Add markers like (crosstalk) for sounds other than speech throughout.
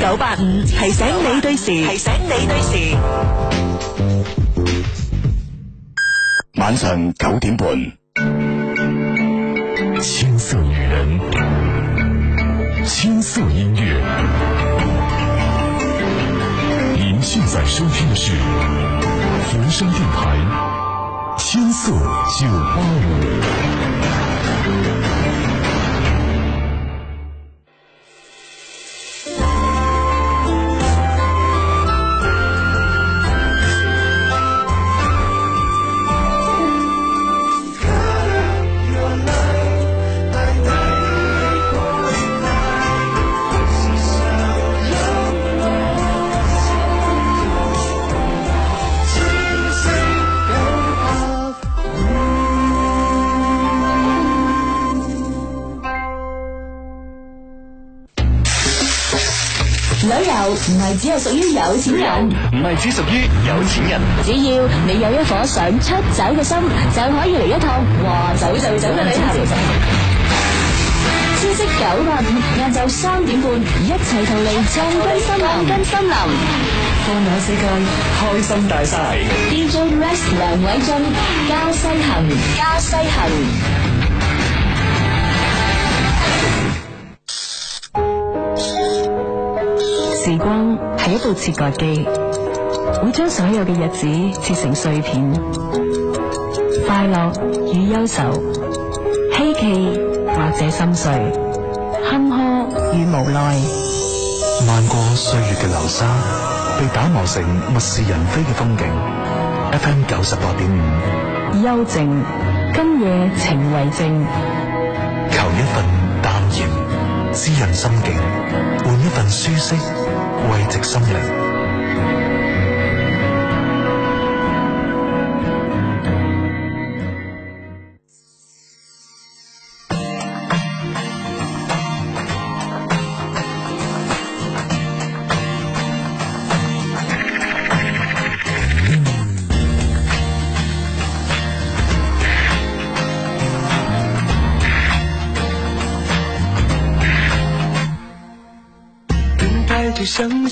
九八五提醒你對時，提醒你對時。晚上九點半，青色女人，青色音樂。您現在收聽的是佛山電台青色九八五。唔係只係屬於有錢人，唔係只屬於有錢人。只要你有一顆想出走嘅心，就可以嚟一趟話走就走嘅旅行。知識九八五晏晝三點半，一齊同嚟進軍森林，進軍森林，放眼世界，開心大晒。DJ Rest 梁偉俊，加西行，加西行。時光係一部切割機，會將所有嘅日子切成碎片。快樂與憂愁，希冀或者心碎，坎坷與無奈。漫過歲月嘅流沙，被打磨成物是人非嘅風景。FM 九十八點五，幽靜今夜情為證，求一份，私人心境，換一份舒適，慰藉心靈。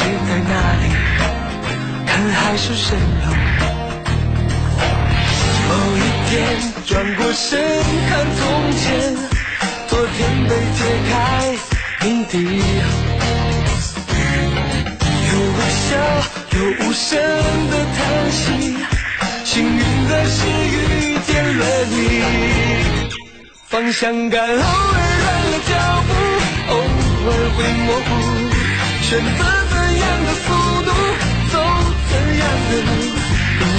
在那裏看海市蜃樓？某一天轉過身看從前，昨天被揭開謎底。有微笑，有無聲的嘆息，幸運的是遇見了你。方向感偶爾亂了腳步，偶爾會模糊選擇。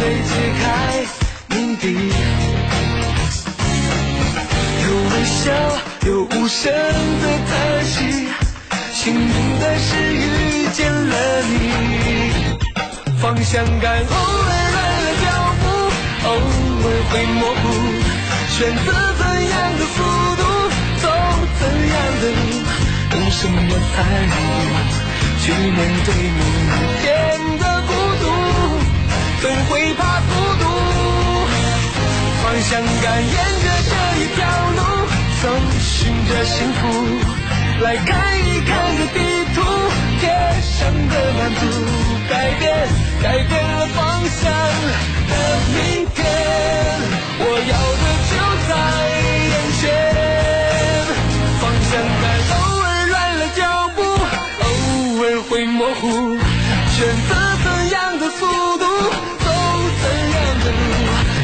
被解開謎底，有微笑，有無聲的嘆息。幸運的是遇見了你。方向感偶爾亂了腳步，偶爾會模糊。選擇怎樣的速度，走怎樣的路，用什麼態度去面對明天的。怎會怕孤獨？方向感沿着這一條路，搜尋着幸福。來看一看這地圖，貼上的滿足，改變改變了方向的明天，我要的就在眼前。方向感偶爾亂了腳步，偶爾會模糊，選擇怎樣的速度？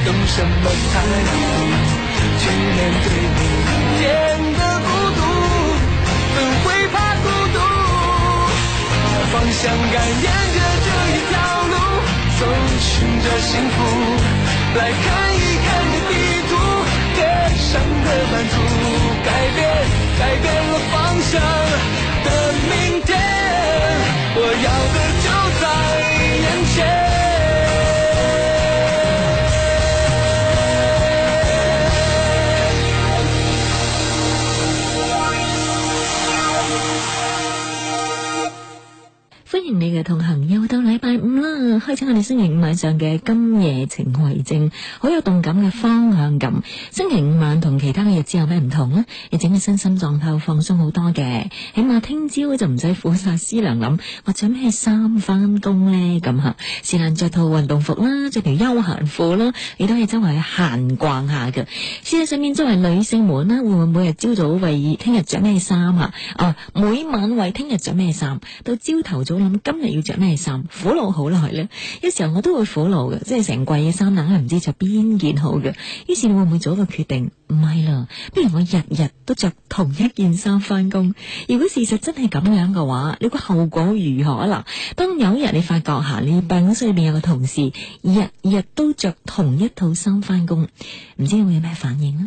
用什麼態度去面對明天的孤獨？不會怕孤獨，方向感沿着這一條路，追尋着幸福。來看一看這地圖，天上的藍圖，改變改變了方向的明天，我要的就在眼前。你嘅同行又到禮拜五啦，開始我哋星期五晚上嘅今夜情為證，好有動感嘅方向感。星期五晚同其他嘅日子有咩唔同呢？你整個身心狀態放鬆好多嘅，起碼聽朝就唔使苦煞思量諗，或着咩衫翻工呢？咁吓。時間着套運動服啦，着條休閒褲啦，你都可以周圍去閒逛下嘅。事實上面作為女性們啦，會唔會每日朝早為聽日着咩衫啊？哦，每晚為聽日着咩衫，到朝頭早諗。今日要着咩衫？苦惱好耐咧，有時候我都會苦惱嘅，即係成季嘅衫，硬係唔知着邊件好嘅。於是你會唔會做一個決定？唔係啦，不如我日日都着同一件衫翻工。如果事實真係咁樣嘅話，你估後果如何啊？嗱，當有一日你發覺吓你辦公室裏邊有個同事日日都着同一套衫翻工，唔知你會有咩反應咧？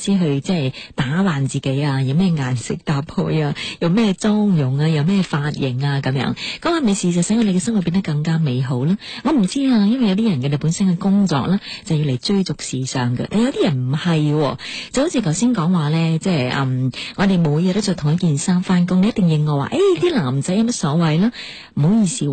先去即係。自己啊，有咩顏色搭配啊，有咩妝容啊，有咩髮型啊，咁樣嗰個美事就使我哋嘅生活變得更加美好啦。我唔知啊，因為有啲人嘅你本身嘅工作啦，就要嚟追逐時尚嘅。但有啲人唔係，就好似頭先講話咧，即係嗯，我哋每日都着同一件衫翻工，你一定認我話，誒、欸，啲男仔有乜所謂啦？唔好意思，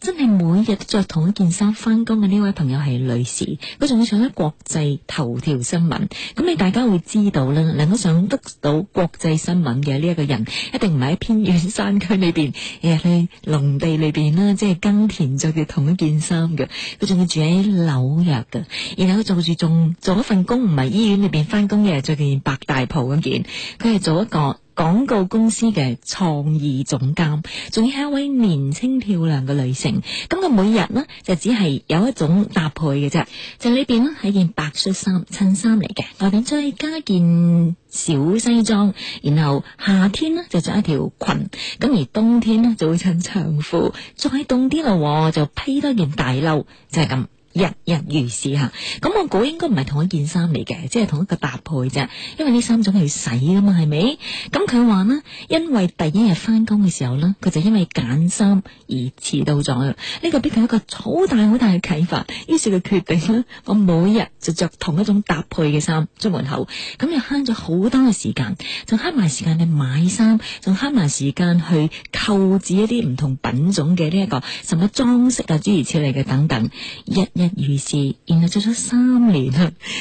真係每日都着同一件衫翻工嘅呢位朋友係女士，佢仲要上咗國際頭條新聞，咁你大家會知道啦。能夠上得。到國際新聞嘅呢一個人，一定唔係喺偏遠山區裏邊，日日喺農地裏邊啦，即係耕田，著住同一件衫嘅，佢仲要住喺紐約嘅，然後佢做住仲做一份工，唔係醫院裏邊翻工嘅，著件白大袍嗰件，佢係做一個。廣告公司嘅創意總監，仲要係一位年輕漂亮嘅女性。咁佢每日呢，就只係有一種搭配嘅啫，就裏邊呢，係件白恤衫，襯衫嚟嘅，外邊再加件小西裝，然後夏天呢，就着一條裙，咁而冬天呢，就會襯長褲，再凍啲啦就披多件大褸，就係、是、咁。日日如是吓，咁我估應該唔係同一件衫嚟嘅，即係同一個搭配啫。因為呢三種係要洗啊嘛，係咪？咁佢話咧，因為第一日翻工嘅時候咧，佢就因為揀衫而遲到咗。呢個俾佢一個好大好大嘅啟發。於是佢決定咧，我每日就着同一種搭配嘅衫出門口，咁又慳咗好多嘅時間，仲慳埋時間去買衫，仲慳埋時間去購置一啲唔同品種嘅呢一個，甚至裝飾啊諸如此類嘅等等，日日。於是，然後着咗三年。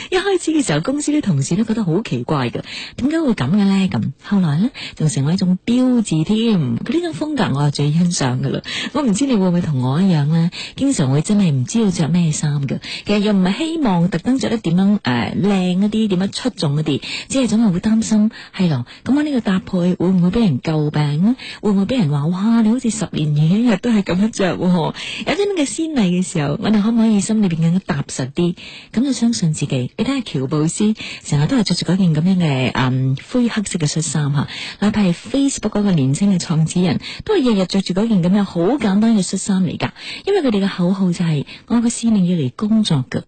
一開始嘅時候，公司啲同事都覺得好奇怪嘅，點解會咁嘅呢？咁後來呢，仲成為一種標誌添。佢呢種風格我係最欣賞嘅啦。我唔知你會唔會同我一樣呢？經常會真係唔知道着咩衫嘅。其實又唔係希望特登着得點樣誒靚啲，點樣出眾一啲，只係總係會擔心係咯。咁我呢個搭配會唔會俾人詬病？會唔會俾人話哇？你好似十年如一日都係咁樣着。有啲咁嘅鮮麗嘅時候，我哋可唔可以？心裏邊更加踏實啲，咁就相信自己。你睇下喬布斯成日都係着住嗰件咁樣嘅嗯灰黑色嘅恤衫吓，哪怕係 Facebook 嗰個年青嘅創始人，都係日日着住嗰件咁樣好簡單嘅恤衫嚟噶。因為佢哋嘅口號就係、是、我嘅司令要嚟工作噶。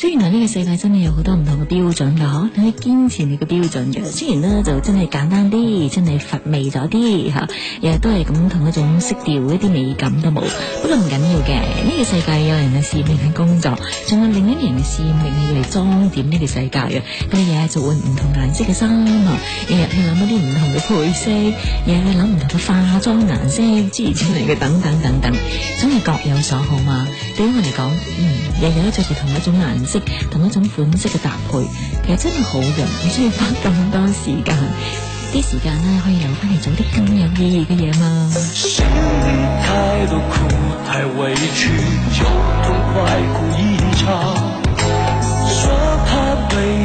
雖然話呢個世界真係有好多唔同嘅標準噶，嗬，你要堅持你嘅標準嘅。雖然呢就真係簡單啲，真係乏味咗啲，吓、啊，日日都係咁同一種色調，一啲美感都冇。不過唔緊要嘅，呢、這個世界有人嘅使命係工作，仲有另一人嘅使命係嚟裝點呢個世界啊！日日就換唔同顏色嘅衫啊，日日去諗一啲唔同嘅配色，日日去諗唔同嘅化妝顏色，諸如此類嘅等等等等，總係各有所好嘛。對我嚟講，嗯，日日着住同一種顏。同一種款式嘅搭配，其實真係好人。唔需要花咁多時間，啲時間呢可以留翻嚟做啲更有意義嘅嘢嘛？說他對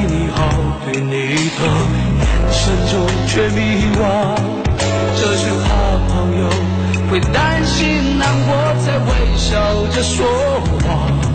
你好，對你疼，眼神中卻迷惘，這是怕朋友會擔心難過、才會笑著說謊。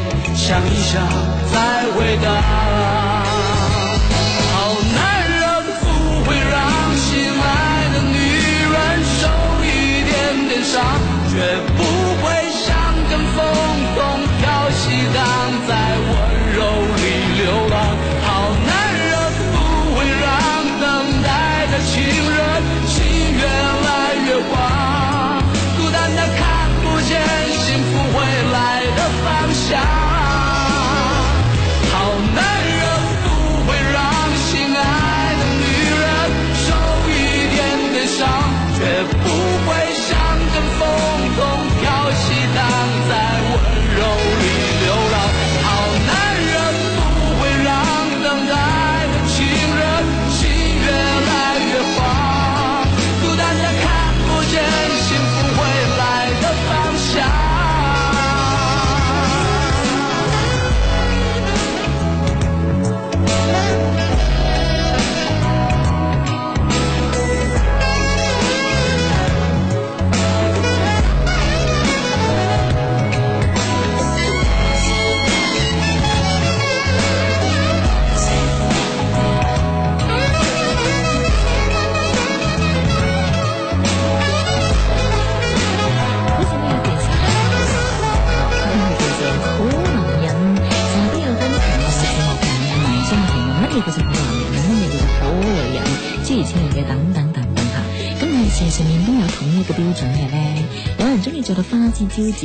想一想，再回答。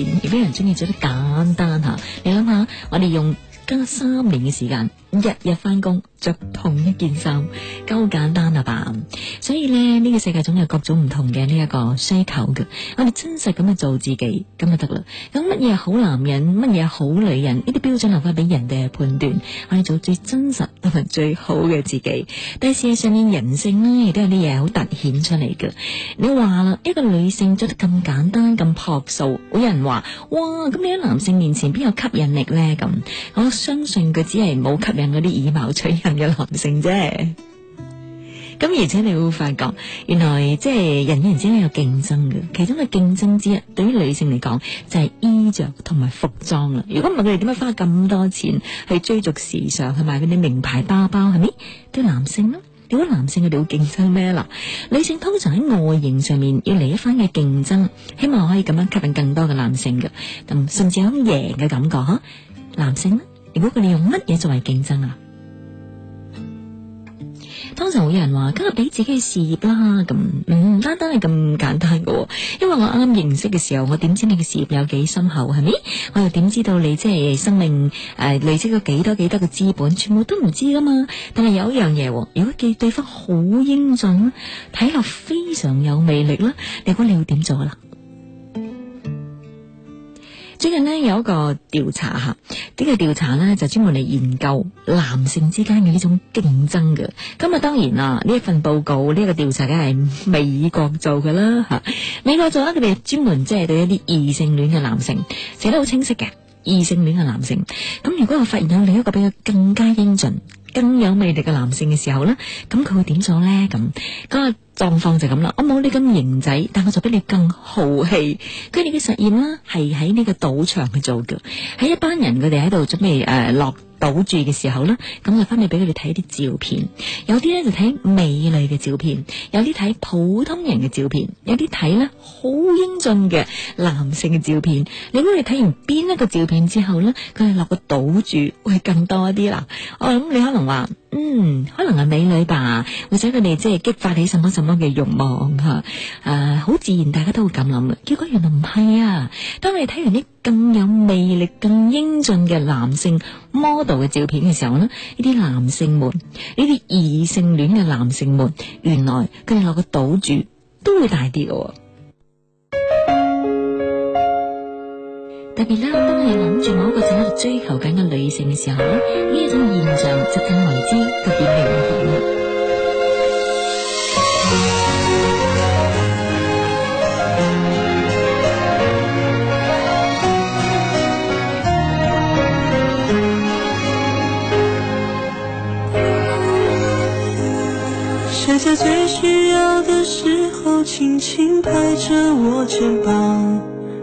而啲人中意着得簡單吓，你諗下，我哋用加三年嘅時間，日日翻工，着同一件衫，夠簡單啦吧？所以咧，呢個世界總有各種唔同嘅呢一個需求嘅，我哋真實咁去做自己，咁就得啦。乜嘢好男人，乜嘢好女人？呢啲標準留翻俾人哋嚟判斷，我哋做最真實同埋最好嘅自己。但係事實上面人性呢亦都有啲嘢好凸顯出嚟嘅。你話啦，一個女性着得咁簡單、咁樸素，會有人話：「哇，咁你喺男性面前邊有吸引力呢？」咁我相信佢只係冇吸引嗰啲以貌取人嘅男性啫。咁而且你會發覺，原來即係人與人之間有競爭嘅。其中嘅競爭之一，對於女性嚟講就係、是、衣着同埋服裝啦。如果唔係佢哋點解花咁多錢去追逐時尚，去買嗰啲名牌包包，係咪？對男性咧，點解男性佢哋會競爭咩啦？女性通常喺外形上面要嚟一番嘅競爭，希望可以咁樣吸引更多嘅男性嘅。咁甚至有贏嘅感覺，吓男性咧。如果佢哋用乜嘢作為競爭啊？通常會有人話今日俾自己嘅事業啦，咁唔、嗯、單單係咁簡單噶，因為我啱啱認識嘅時候，我點知你嘅事業有幾深厚係咪？我又點知道你即係生命誒、呃、累積咗幾多幾多嘅資本，全部都唔知噶嘛。但係有一樣嘢，如果見對方好英俊，睇落非常有魅力啦，你估你要點做啦？呢個呢，有一個調查吓，呢個調查呢，就專門嚟研究男性之間嘅呢種競爭嘅。咁啊，當然啊，呢一份報告呢個調查梗係美國做嘅啦吓，美國做啊，佢哋專門即係對一啲異性戀嘅男性寫得好清晰嘅，異性戀嘅男性。咁如果我發現有另一個比佢更加英俊、更有魅力嘅男性嘅時候呢，咁佢會點做呢？咁狀況就咁啦，我冇你咁型仔，但我就比你更豪氣。佢哋嘅實驗啦，係喺呢個賭場去做嘅，喺一班人佢哋喺度準備誒、呃、落賭注嘅時候啦，咁就分別俾佢哋睇啲照片，有啲咧就睇美麗嘅照片，有啲睇普通人嘅照片，有啲睇咧好英俊嘅男性嘅照片。你會去睇完邊一個照片之後咧，佢係落個賭注會更多一啲啦。我諗你可能話。嗯，可能係美女吧，或者佢哋即係激發起什麼什麼嘅欲望吓，誒、啊，好自然，大家都會咁諗啦。結果原來唔係啊，當你睇完啲更有魅力、更英俊嘅男性 model 嘅照片嘅時候咧，呢啲男性們，呢啲異性戀嘅男性們，原來佢哋落個賭注都會大啲嘅。特別啦，當你諗住某一個場合追求緊嘅女性嘅時候咧，呢一種現象就更為之特別明顯。誰在最需要嘅時候，輕輕拍著我肩膀。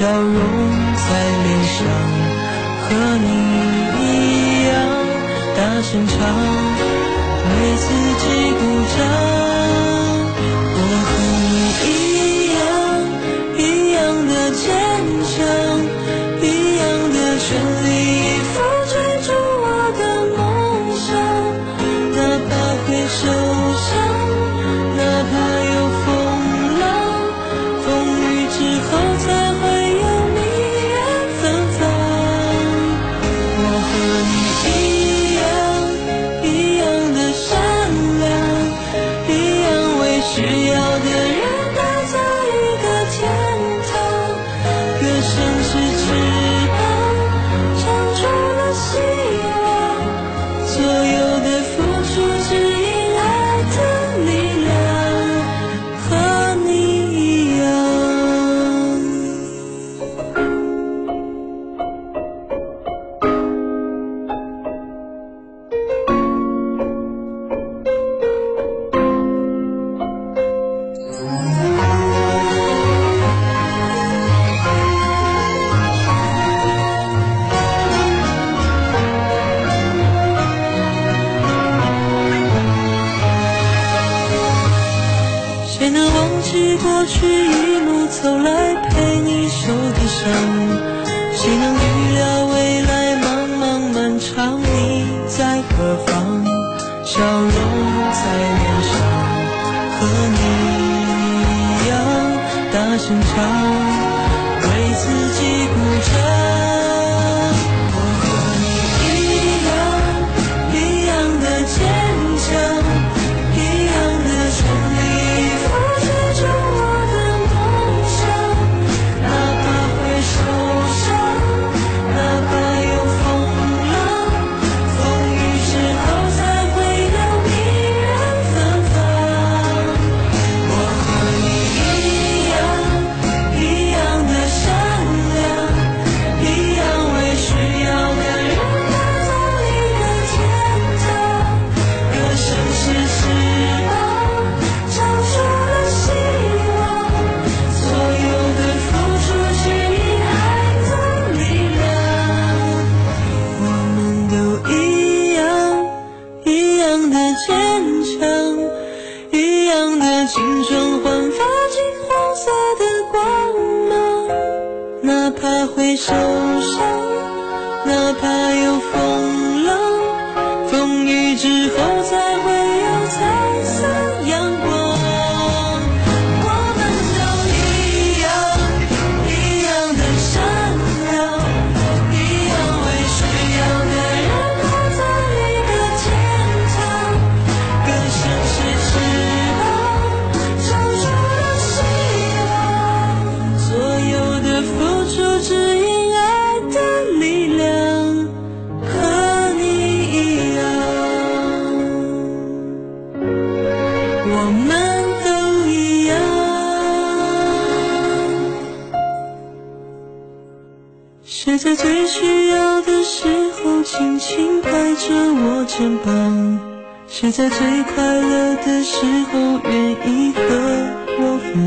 笑容在臉上，和你一樣大聲唱，為自己鼓掌。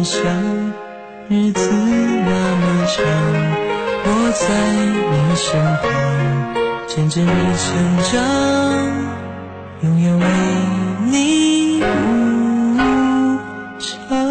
像日子那麼長，我在你身旁，見證你成長，永遠為你鼓掌。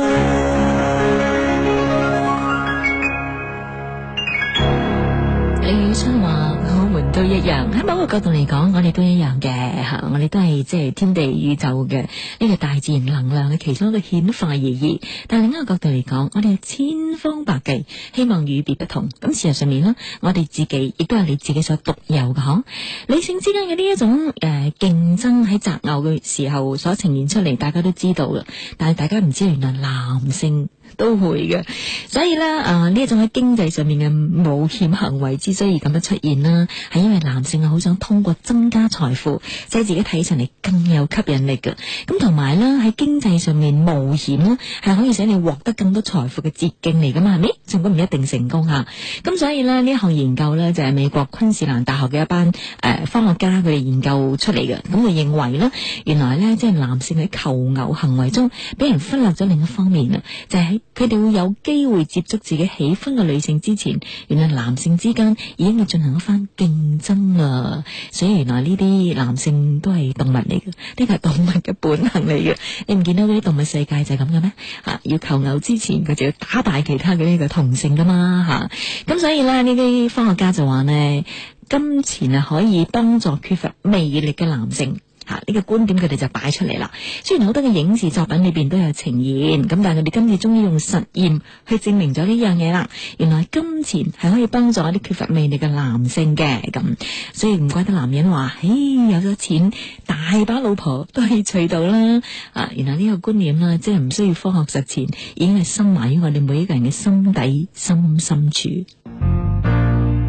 李宇春話：我們都一樣，喺某個角度嚟講，我哋都一樣嘅吓，我哋。即係天地宇宙嘅呢個大自然能量嘅其中一個顯化而已，但係另一個角度嚟講，我哋係千方百計希望與別不同。咁事實上面啦，我哋自己亦都係你自己所獨有嘅。嗬，女性之間嘅呢一種誒、呃、競爭喺擇偶嘅時候所呈現出嚟，大家都知道嘅，但係大家唔知原來男性。都會嘅，所以咧，啊呢一種喺經濟上面嘅冒險行為之所以咁樣出現啦，係因為男性啊好想通過增加財富，使自己睇起上嚟，更有吸引力嘅。咁同埋咧喺經濟上面冒險咧，係可以使你獲得更多財富嘅捷徑嚟噶嘛？係咪？仲都唔一定成功吓、啊。咁、嗯、所以呢，呢一項研究呢，就係、是、美國昆士蘭大學嘅一班誒、呃、科學家佢哋研究出嚟嘅，咁、嗯、就認為呢，原來呢，即係男性喺求偶行為中俾人忽略咗另一方面啊，就係、是。佢哋會有機會接觸自己喜歡嘅女性之前，原來男性之間已經要進行一番競爭啦。所以原來呢啲男性都係動物嚟嘅，呢個係動物嘅本能嚟嘅。你唔見到呢啲動物世界就係咁嘅咩？吓、啊，要求偶之前佢就要打敗其他嘅呢個同性噶嘛，吓、啊。咁所以咧，呢啲科學家就話呢金錢係可以幫助缺乏魅力嘅男性。吓呢、啊，這個觀點佢哋就擺出嚟啦，雖然好多嘅影視作品裏邊都有呈現，咁但係佢哋今次終於用實驗去證明咗呢樣嘢啦。原來金錢係可以幫助一啲缺乏魅力嘅男性嘅，咁、嗯、所以唔怪得男人話，誒，有咗錢大把老婆都可以娶到啦。啊，原來呢個觀念啦，即係唔需要科學實踐，已經係深埋於我哋每一個人嘅心底深深處。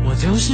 我就是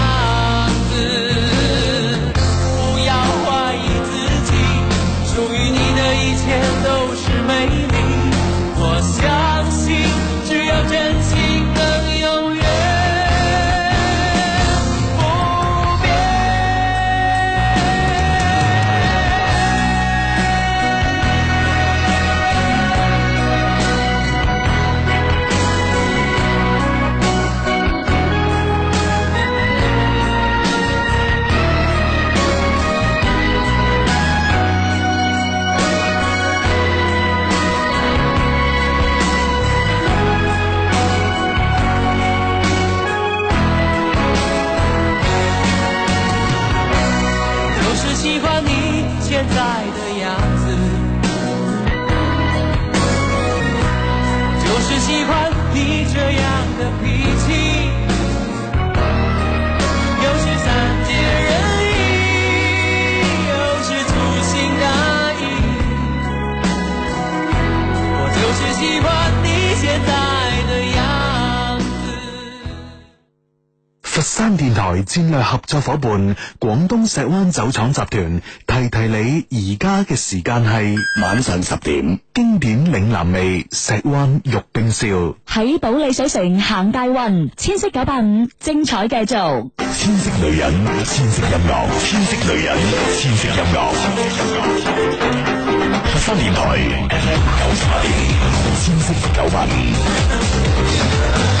新電台戰略合作伙伴廣東石灣酒廠集團提提你，而家嘅時間係晚上十點，經典嶺南味石灣玉冰燒喺保利水城行大運，千色九百五，精彩繼續。千色女人，千色音樂，千色女人，千色音樂。新電台九十八點，千色九百五。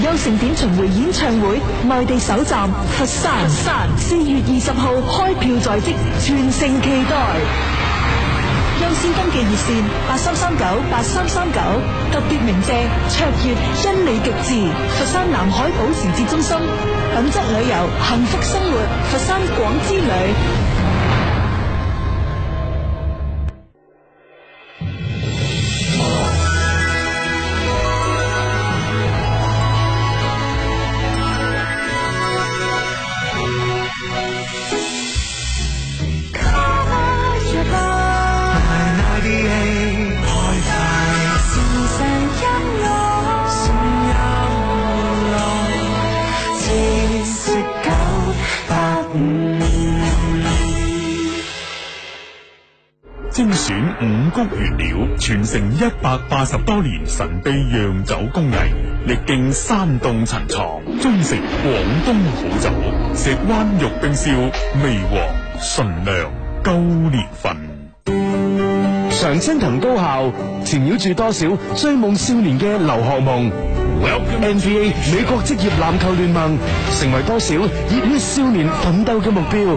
優勝典巡迴演唱會，內地首站佛山，四月二十號開票在即，全城期待。優先登記熱線八三三九八三三九，9, 9, 特別鳴謝卓越因你極致，佛山南海保時捷中心，品質旅遊，幸福生活，佛山廣之旅。傳承一百八十多年神秘釀酒工藝，歷經山洞陳藏，終成廣東好酒。石灣玉冰燒，味和，純良，夠年份。常青藤高校纏繞住多少追夢少年嘅留學夢？NBA 美國職業籃球聯盟，成為多少熱血少年奮鬥嘅目標。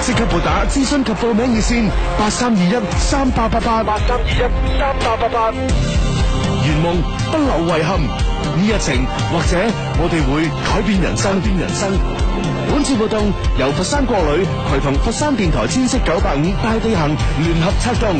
即刻撥打諮詢及報名熱線八三二一三八八八八三二一三八八八，圓夢不留遺憾，呢一程或者我哋會改變人生。改變人生。本次活動由佛山國旅陪同佛山電台千色九八五大地行聯合策動。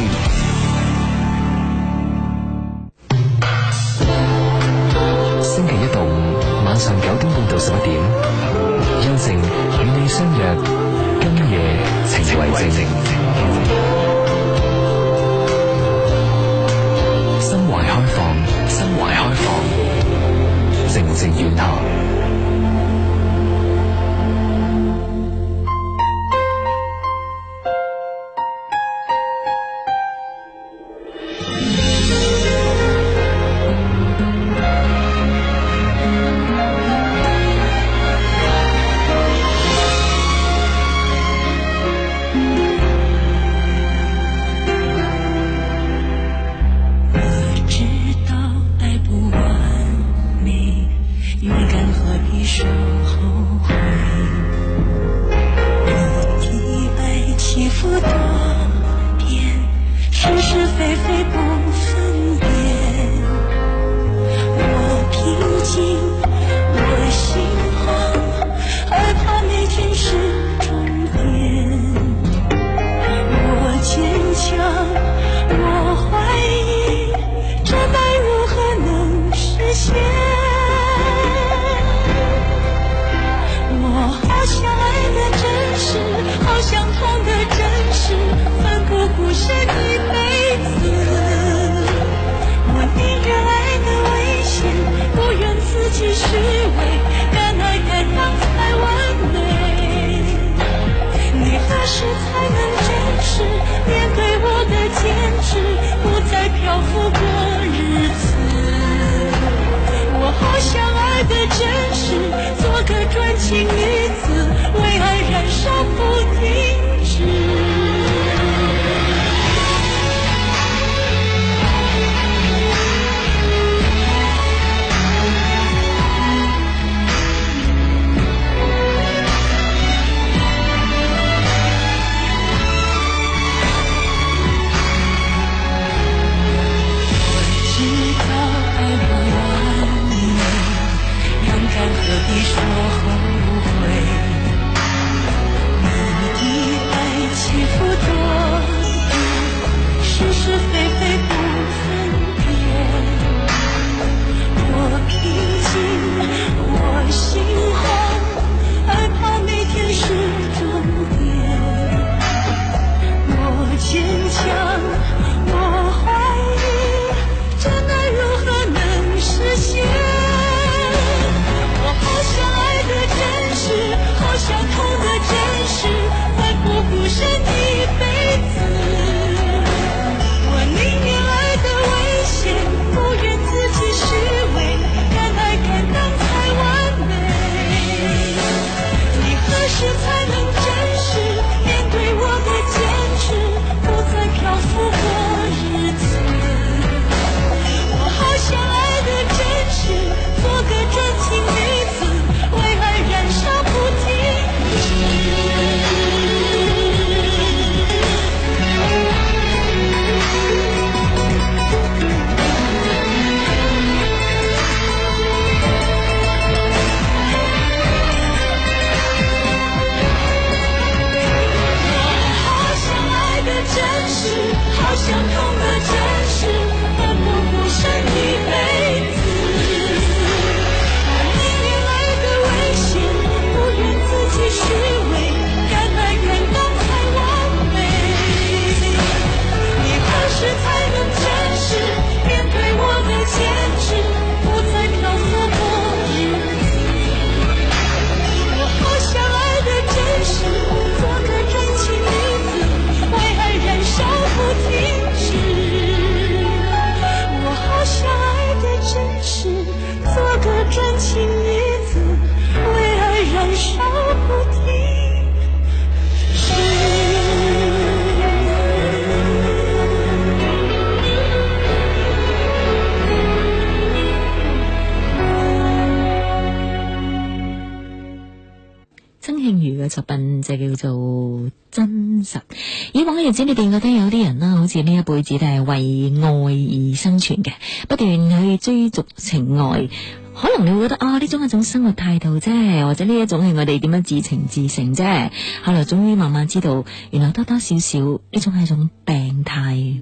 生存嘅，不斷去追逐情愛，可能你會覺得啊，呢種係一種生活態度啫，或者呢一種係我哋點樣自情自性啫。後來終於慢慢知道，原來多多少少呢種係一種病態。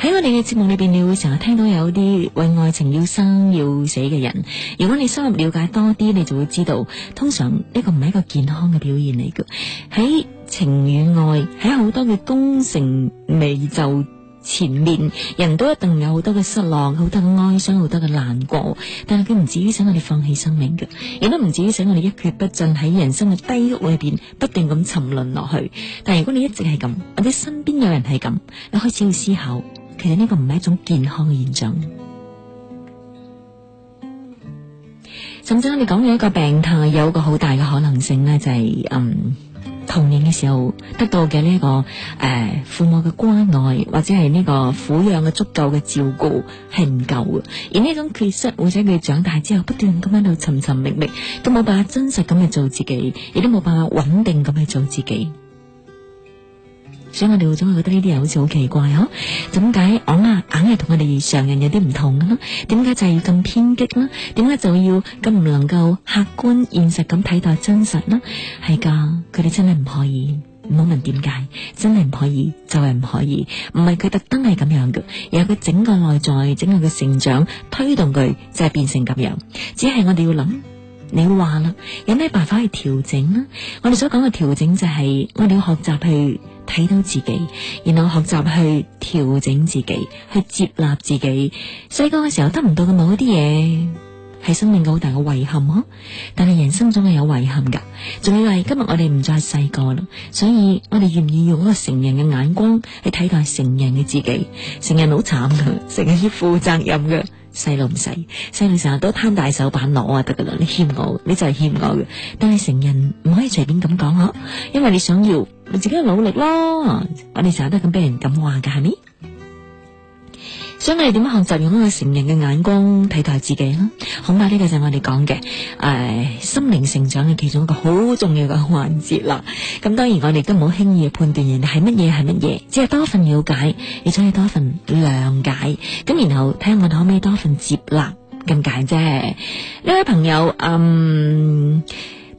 喺我哋嘅節目裏邊，你會成日聽到有啲為愛情要生要死嘅人。如果你深入了解多啲，你就會知道，通常呢個唔係一個健康嘅表現嚟嘅。喺情與愛，喺好多嘅功成未就。前面人都一定有好多嘅失落，好多嘅哀傷，好多嘅難過。但係佢唔至於使我哋放棄生命嘅，亦都唔至於使我哋一蹶不振，喺人生嘅低谷裏邊，不斷咁沉淪落去。但係如果你一直係咁，或者身邊有人係咁，你開始要思考，其實呢個唔係一種健康嘅現象。甚至我哋講到一個病態，有一個好大嘅可能性呢，就是，就係嗯。童年嘅時候得到嘅呢、這個誒、呃，父母嘅關愛或者係呢個撫養嘅足夠嘅照顧係唔夠嘅，而呢一種缺失會使佢長大之後不斷咁喺度尋尋覓覓，都冇辦法真實咁去做自己，亦都冇辦法穩定咁去做自己。所以我哋會總係覺得呢啲人好似好奇怪嗬？點解我啦，硬係同我哋常人有啲唔同咁咯？點解就係要咁偏激啦？點解就要咁唔能夠客觀現實咁睇待真實啦？係噶，佢哋真係唔可以唔好問點解，真係唔可以就係唔可以，唔係佢特登係咁樣嘅，而佢整個內在整個嘅成長推動佢就係變成咁樣。只係我哋要諗，你話啦，有咩辦法去調整啦？我哋所講嘅調整就係我哋要學習去。睇到自己，然後學習去調整自己，去接納自己。細個嘅時候得唔到嘅某一啲嘢，係生命嘅好大嘅遺憾哦。但係人生總係有遺憾噶。仲以為今日我哋唔再係細個啦，所以我哋願意用一個成人嘅眼光去睇待成人嘅自己。成人好慘噶，成人要負責任噶。細路唔使，細路成日都攤大手板攞就得噶啦，你欠我，你就係欠我嘅。但係成人唔可以隨便咁講哦，因為你想要。你自己努力咯，我哋成日都咁俾人咁話嘅係咪？所以我哋點樣學習用一個成人嘅眼光睇待自己啦？恐怕呢個就係我哋講嘅誒，心靈成長嘅其中一個好重要嘅環節啦。咁當然我哋都唔好輕易判斷人哋係乜嘢係乜嘢，只係多一份了解，亦都要多一份諒解。咁然後睇下我哋可唔可以多一份接納咁解啫？呢位朋友，嗯。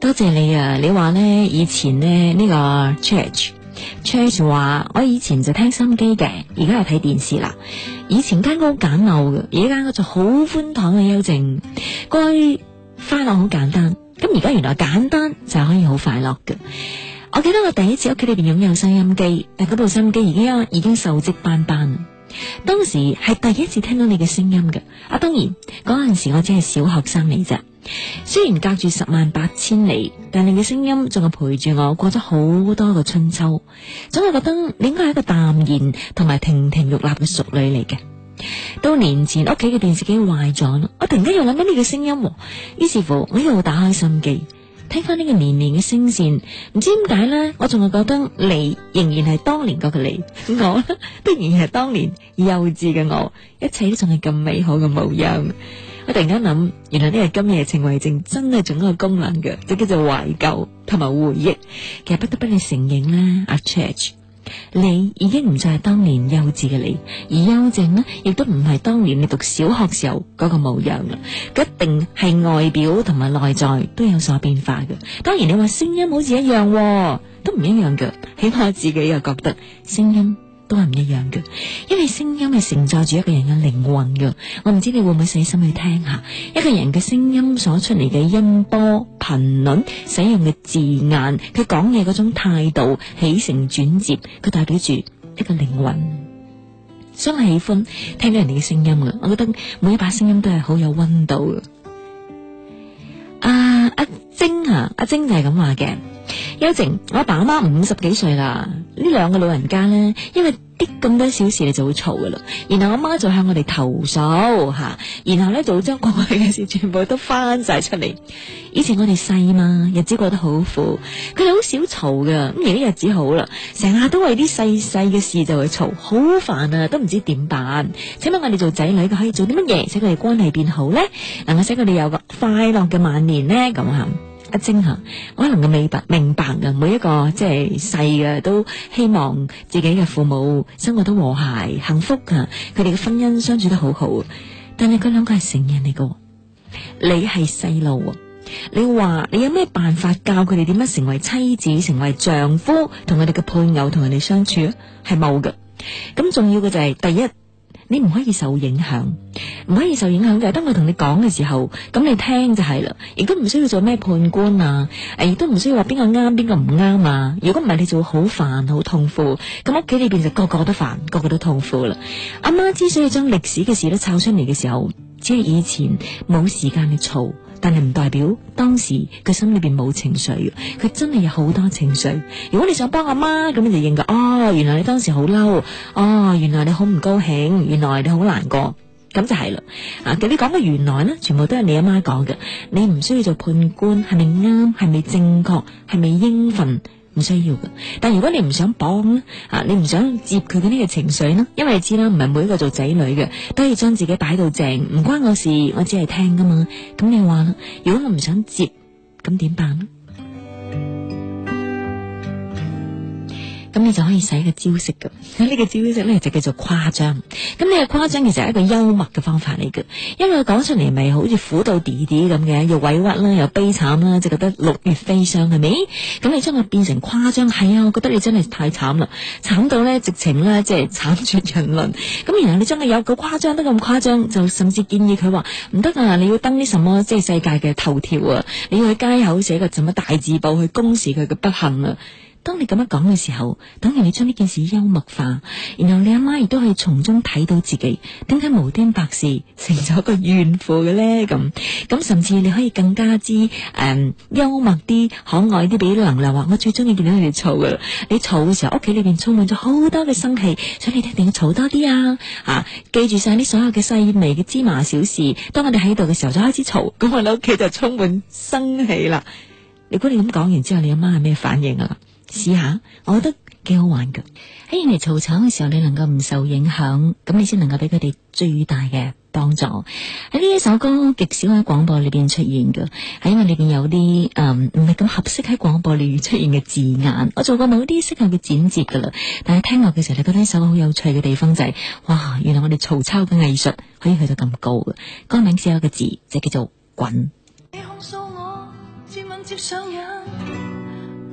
多謝你啊！你話咧以前咧呢個 Church，Church 話我以前就聽收音機嘅，而家又睇電視啦。以前間屋好簡陋嘅，而家我就好寬敞嘅幽靜，居快樂好簡單。咁而家原來簡單就可以好快樂嘅。我記得我第一次屋企裏邊擁有收音機，但嗰部收音機而家已經鏽跡斑斑。當時係第一次聽到你嘅聲音嘅。啊，當然嗰陣時我只係小學生嚟啫。雖然隔住十萬八千里，但你嘅聲音仲係陪住我過咗好多個春秋。總係覺得你應該係一個淡然同埋亭亭玉立嘅淑女嚟嘅。到年前屋企嘅電視機壞咗，我突然間又諗起呢個聲音。於是乎，我又打開收音機，睇翻呢個年年嘅聲線。唔知點解呢，我仲係覺得你仍然係當年嗰個你，我呢，仍然係當年幼稚嘅我，一切都仲係咁美好嘅模樣。我突然間諗，原來呢個今夜情為證真係仲有個功能嘅，即叫做懷舊同埋回憶。其實不得不你承認咧、啊，阿、啊、Church 你已經唔再係當年幼稚嘅你，而幽靜呢，亦都唔係當年你讀小學時候嗰個模樣啦。佢一定係外表同埋內在都有所變化嘅。當然你話聲音好似一樣，哦，都唔一樣嘅。起碼自己又覺得聲音。都係唔一樣嘅，因為聲音係承載住一個人嘅靈魂嘅。我唔知你會唔會細心去聽下，一個人嘅聲音所出嚟嘅音波、頻率、使用嘅字眼、佢講嘢嗰種態度、起承轉接，佢代表住一個靈魂。真係喜歡聽到人哋嘅聲音嘅，我覺得每一把聲音都係好有温度嘅。阿、啊、阿、啊、晶啊，阿、啊、晶就係咁話嘅。幽靜，我阿爸阿媽五十幾歲啦，呢兩個老人家呢，因為啲咁多小事，你就會嘈噶啦。然後阿媽就向我哋投訴吓，然後呢，就會將過去嘅事全部都翻晒出嚟。以前我哋細嘛，日子過得好苦，佢哋好少嘈噶。咁而家日子好啦，成日都為啲細細嘅事就會嘈，好煩啊，都唔知點辦。請問我哋做仔女嘅可以做啲乜嘢，使佢哋關係變好呢？能夠使佢哋有個快樂嘅晚年呢？咁啊？阿精啊，我能夠明白明白噶，每一個即係細嘅都希望自己嘅父母生活都和諧幸福啊！佢哋嘅婚姻相處得好好，但係佢兩個係成人嚟嘅，你係細路啊！你話你有咩辦法教佢哋點樣成為妻子、成為丈夫，同佢哋嘅配偶同人哋相處？啊，係冇嘅。咁重要嘅就係、是、第一。你唔可以受影響，唔可以受影響嘅，當我同你講嘅時候，咁你聽就係啦，亦都唔需要做咩判官啊，誒，亦都唔需要話邊個啱邊個唔啱啊，如果唔係你就會好煩好痛苦，咁屋企裏邊就個個都煩，個個都痛苦啦。阿媽之所以將歷史嘅事都抄出嚟嘅時候，只係以前冇時間去嘈。但係唔代表當時佢心裏邊冇情緒，佢真係有好多情緒。如果你想幫阿媽，媽，咁你就認佢。哦，原來你當時好嬲，哦，原來你好唔高興，原來你好難過，咁就係啦。啊，你講嘅原來呢，全部都係你阿媽講嘅，你唔需要做判官，係咪啱，係咪正確，係咪應份。唔需要噶，但如果你唔想幫咧，啊，你唔想接佢嘅呢個情緒咧，因為知啦，唔係每一個做仔女嘅都要將自己擺到正，唔關我事，我只係聽噶嘛。咁你話啦，如果我唔想接，咁點辦？就可以使一個招式噶，呢、這個招式咧就叫做誇張。咁你嘅誇張其實係一個幽默嘅方法嚟嘅，因為佢講出嚟咪好似苦到弟弟咁嘅，又委屈啦，又悲慘啦，就係覺得六月飛霜係咪？咁你將佢變成誇張，係啊，我覺得你真係太慘啦，慘到咧直情咧即係慘絕人倫。咁然後你將佢有咁誇張得咁誇張，就甚至建議佢話唔得啊，你要登啲什麼即係世界嘅頭條啊，你要去街口寫個什麼大字報去公示佢嘅不幸啊！當你咁樣講嘅時候，等於你將呢件事幽默化，然後你阿媽亦都可以從中睇到自己點解無端白事成咗個怨婦嘅咧咁。咁甚至你可以更加之誒、呃、幽默啲、可愛啲，俾啲能量話：我最中意見到你哋嘈噶啦！你嘈嘅時候，屋企裏邊充滿咗好多嘅生氣，所以你一定要嘈多啲啊！吓、啊，記住晒啲所有嘅細微嘅芝麻小事。當我哋喺度嘅時候，就開始嘈，咁我哋屋企就充滿生氣啦。你估你咁講完之後，你阿媽係咩反應啊？試下，我覺得幾好玩噶。喺人哋嘈吵嘅時候，你能夠唔受影響，咁你先能夠俾佢哋最大嘅幫助。喺呢一首歌極少喺廣播裏邊出現噶，係因為裏邊有啲唔係咁合適喺廣播裏邊出現嘅字眼。我做過某啲適合嘅剪接噶啦。但係聽落嘅時候，你覺得一首好有趣嘅地方就係、是，哇！原來我哋曹操嘅藝術可以去到咁高噶。歌名只有一個字，就叫做滾。你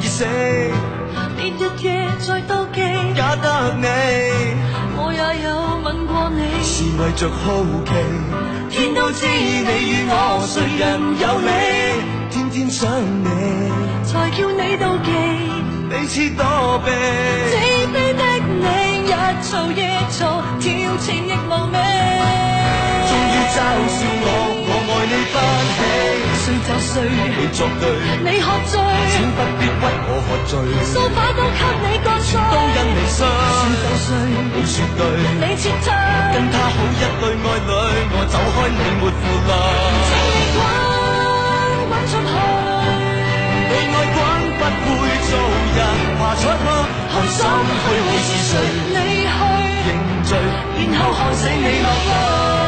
已死，日日夜在妒忌，假得你，我也有吻過你，是為着好奇。天都知你與我誰人有你。天天想你，才叫你妒忌，每次躲避。自卑的你，日做夜做，挑戰亦無味，終於嘲笑我。愛你不起，誰找誰你作對，你喝醉，請不必逼我喝醉。梳化都給你割碎，都因你傷。誰找誰你說對，你撤退，跟他好一對愛侶，我走開你沒負累。請你滾，滾出去，被愛滾不會做人，爬出去，開心去。你是誰？你去認罪，然後害死你落淚。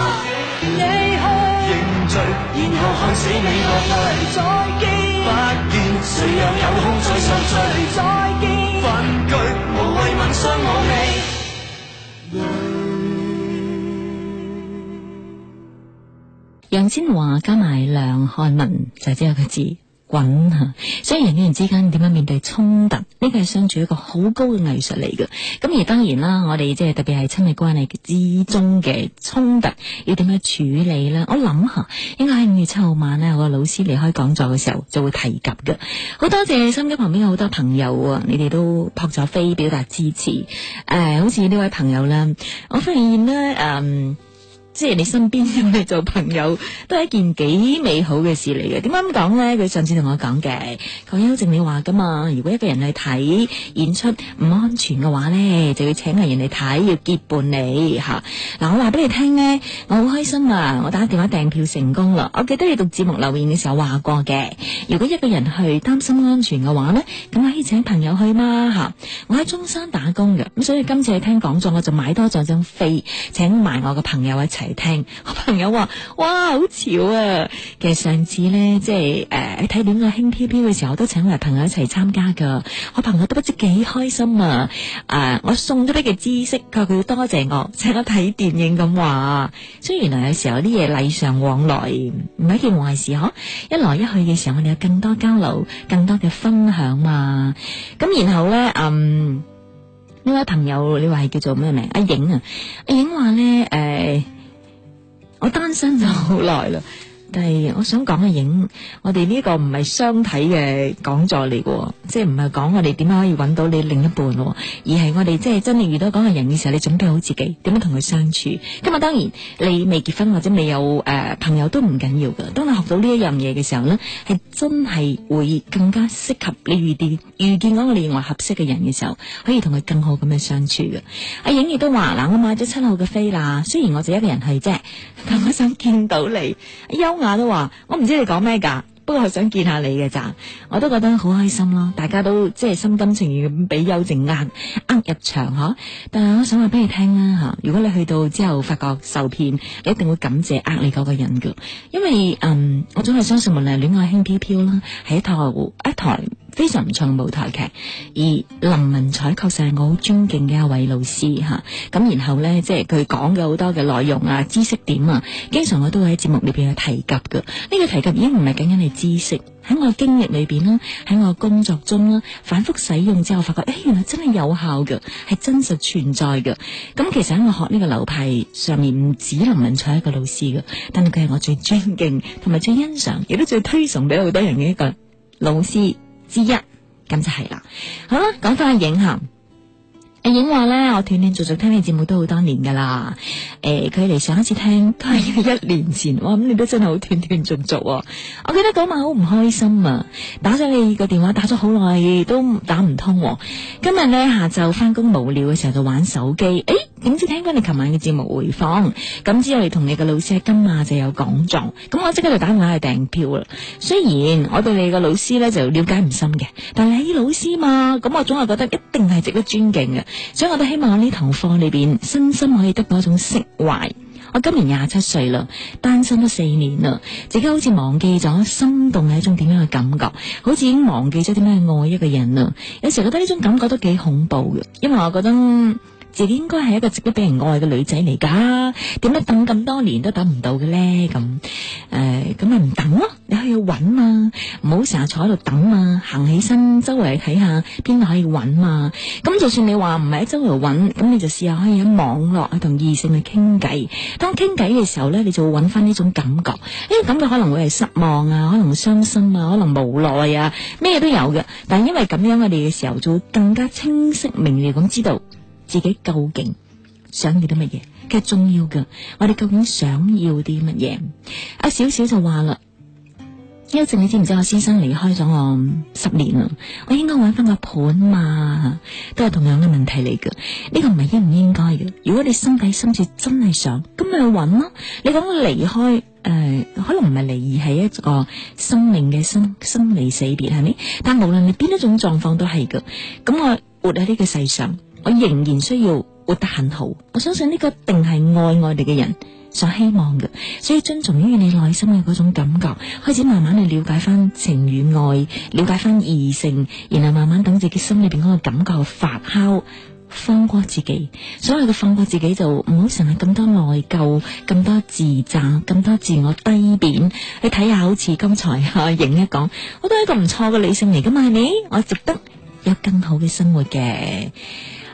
然後看未再再再又有空，有再見無相聚，我楊千嬅加埋梁漢文就只有一個字。滾吓，所以人與人之間點樣面對衝突，呢個係相處一個好高嘅藝術嚟嘅。咁而當然啦，我哋即係特別係親密關係之中嘅衝突，要點樣處理呢？我諗下，應該喺五月七號晚呢，我個老師離開講座嘅時候就會提及嘅。好多謝心機旁邊有好多朋友啊，你哋都撲咗飛表達支持。誒、呃，好似呢位朋友啦，我發現呢。誒、呃。即係你身邊用嚟做朋友，都係一件幾美好嘅事嚟嘅。點解咁講咧？佢上次同我講嘅，佢優靜你話噶嘛。如果一個人去睇演出唔安全嘅話咧，就要請埋人嚟睇，要結伴嚟吓，嗱、啊啊，我話俾你聽咧，我好開心啊！我打電話訂票成功啦。我記得你讀節目留言嘅時候話過嘅，如果一個人去擔心安全嘅話咧，咁可以請朋友去嘛吓、啊，我喺中山打工嘅，咁所以今次去聽講座我就買多咗張飛請埋我嘅朋友一齊。嚟，聽，我朋友話，哇，好潮啊！其實上次咧，即係誒，睇，呃《戀愛輕飄飄》嘅時候，我都請我朋友一齊參加噶。我朋友都不知幾開心啊！誒、呃，我送咗俾佢知識，佢佢要多謝我，請我睇電影咁話。雖然，原來有時候啲嘢禮尚往來唔係一件壞事嗬、啊。一來一去嘅時候，我哋有更多交流，更多嘅分享嘛。咁然後咧，嗯，呢位朋友你話係叫做咩名？阿、啊、影啊，阿、啊、影話咧，誒、呃。我單身就好耐啦。但係我想講阿影，我哋呢個唔係相睇嘅講座嚟嘅，即係唔係講我哋點樣可以揾到你另一半，而係我哋即係真係遇到個人嘅時候，你準備好自己點樣同佢相處。今日當然你未結婚或者未有誒、呃、朋友都唔緊要嘅。當你學到呢一樣嘢嘅時候咧，係真係會更加適合你遇見遇見嗰個你認為合適嘅人嘅時候，可以同佢更好咁樣相處嘅。阿影亦都話嗱，我買咗七號嘅飛啦，雖然我就一個人去啫，但我想見到你，哎我都話，我唔知你講咩噶不過係想見下你嘅咋，我都覺得好開心咯。大家都即係心甘情願咁俾邱靜呃、呃入場嗬。但係我想話俾你聽啦吓，如果你去到之後發覺受騙，你一定會感謝呃你嗰個人噶因為嗯，我總係相信唔理戀愛輕飄飄啦，喺台湖一台。一台一台非常唔錯嘅舞台劇，而林文采確實係我好尊敬嘅一位老師吓。咁、啊、然後呢，即係佢講嘅好多嘅內容啊、知識點啊，經常我都會喺節目裏邊去提及嘅。呢、這個提及已經唔係僅僅係知識，喺我經歷裏邊啦、啊，喺我工作中啦、啊，反復使用之後發覺，誒、哎，原來真係有效嘅，係真實存在嘅。咁、啊、其實喺我學呢個流派上面，唔止林文采一個老師嘅，但係佢係我最尊敬同埋最欣賞，亦都最推崇俾好多人嘅一個老師。之一咁就係啦，好啦，講翻下影響。阿影話咧，我斷斷續續聽你節目都好多年噶啦。誒、呃，距離上一次聽都係一年前。我諗你都真係好斷斷續續，續、啊。我記得嗰晚好唔開心啊！打咗你個電話打咗好耐都打唔通、啊。今日咧下晝翻工無聊嘅時候就玩手機。誒、哎，點知聽緊你琴晚嘅節目回放？咁之後你同你嘅老師喺今晚就有講座。咁我即刻就打電話去訂票啦。雖然我對你個老師咧就了解唔深嘅，但係、哎、老師嘛，咁我總係覺得一定係值得尊敬嘅。所以我都希望喺呢堂課裏邊，身心可以得到一種釋懷。我今年廿七歲啦，單身咗四年啦，自己好似忘記咗心動係一種點樣嘅感覺，好似已經忘記咗點樣愛一個人啦。有時候覺得呢種感覺都幾恐怖嘅，因為我覺得，自己應該係一個值得俾人愛嘅女仔嚟噶，點解等咁多年都等唔到嘅咧？咁誒咁咪唔等咯，你可以去揾嘛，唔好成日坐喺度等嘛，行起身周圍睇下邊度可以揾嘛。咁就算你話唔係喺周圍揾，咁你就試下可以喺網絡去同異性去傾偈。當傾偈嘅時候咧，你就會揾翻呢種感覺。呢種感覺可能會係失望啊，可能會傷心啊，可能無奈啊，咩都有嘅。但係因為咁樣，我哋嘅時候就會更加清晰明瞭咁知道。自己究竟想要啲乜嘢，其實重要嘅，我哋究竟想要啲乜嘢？阿小,小小就話啦。一陣你知唔知我先生離開咗我十年啊，我應該揾翻個伴嘛，都係同樣嘅問題嚟嘅，呢、這個唔係應唔應該嘅。如果你心底深處真係想，咁咪去揾咯。你講離開誒、呃，可能唔係離異，係一個生命嘅生生離死別，係咪？但無論你邊一種狀況都係噶。咁我活喺呢個世上。我仍然需要活得很好。我相信呢個定係愛我哋嘅人所希望嘅，所以遵從於你內心嘅嗰種感覺，開始慢慢去了解翻情與愛，了解翻異性，然後慢慢等自己心裏邊嗰個感覺發酵，放過自己。所謂嘅放過自己就唔好成日咁多內疚，咁多自責，咁多自我低貶。你睇下，好似剛才阿瑩一講，我都係一個唔錯嘅女性嚟噶嘛。係咪？我值得有更好嘅生活嘅。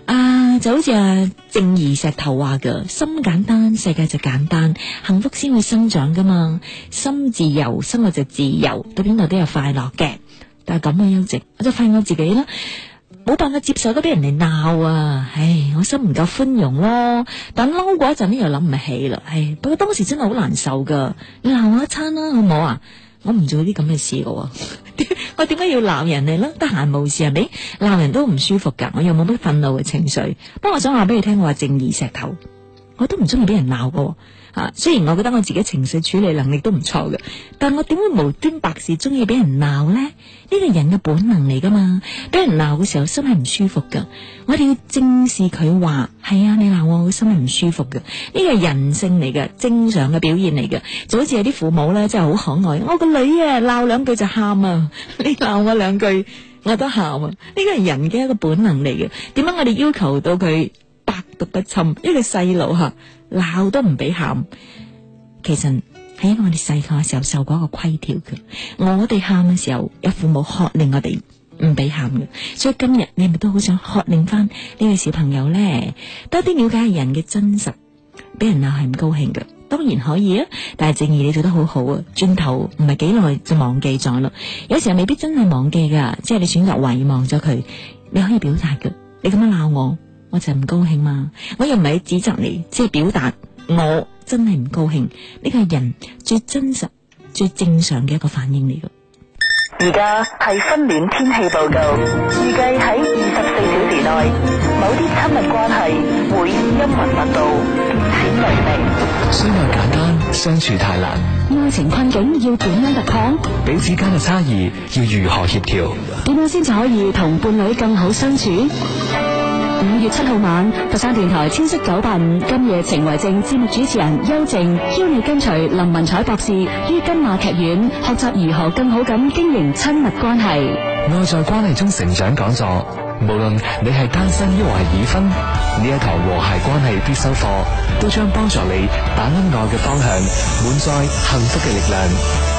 啊，就好似啊正義石頭話噶，心簡單世界就簡單，幸福先會生長噶嘛。心自由，生活就自由，到邊度都有快樂嘅。但係咁嘅一直，我就發現我自己啦，冇辦法接受都俾人哋鬧啊。唉，我心唔夠寬容咯。但係嬲過一陣咧，又諗唔起啦。唉，不過當時真係好難受噶。鬧我一餐啦，啊，好唔好啊？我唔做啲咁嘅事㗎， (laughs) 我點解要鬧人哋囉？得閒冇事係咪？鬧人都唔舒服噶，我又冇乜憤怒嘅情緒。不過我想話俾你聽，我話正義石頭，我都唔中意俾人鬧㗎。雖然我覺得我自己情緒處理能力都唔錯嘅，但我點會無端白事中意俾人鬧呢？呢個人嘅本能嚟噶嘛，俾人鬧嘅時候心係唔舒服噶。我哋要正視佢話，係啊，你鬧我，我心係唔舒服嘅。呢個人性嚟嘅，正常嘅表現嚟嘅。就好似有啲父母咧，真係好可愛。我個女啊，鬧兩句就喊啊，你鬧我兩句我都喊啊。呢個人嘅一個本能嚟嘅。點解我哋要求到佢百毒不侵？呢個細路吓。鬧都唔俾喊，其實喺我哋細個嘅時候受過一個規條嘅，我哋喊嘅時候有父母喝令我哋唔俾喊嘅，所以今日你係咪都好想喝令翻呢位小朋友咧，多啲了解人嘅真實，俾人鬧係唔高興嘅，當然可以啊，但係靜怡你做得好好啊，轉頭唔係幾耐就忘記咗咯，有時候未必真係忘記噶，即係你選擇遺忘咗佢，你可以表達嘅，你咁樣鬧我。我就唔高興嘛，我又唔係指責你，即係表達我真係唔高興，呢個係人最真實、最正常嘅一個反應嚟嘅。而家係婚戀天氣報告，預計喺二十四小時內，某啲親密關係會陰雲密布，潛雷鳴。相愛簡單，相處太難。愛情困境要點樣突破？彼此間嘅差異要如何協調？點樣先至可以同伴侶更好相處？五月七號晚，佛山電台千色九八五今夜情為證節目主持人邱靜邀你跟隨林文采博士於金馬劇院學習如何更好咁經營親密關係。愛在關係中成長講座，無論你係單身抑或係已婚，呢一堂和諧關係必修課都將幫助你把握愛嘅方向，滿載幸福嘅力量。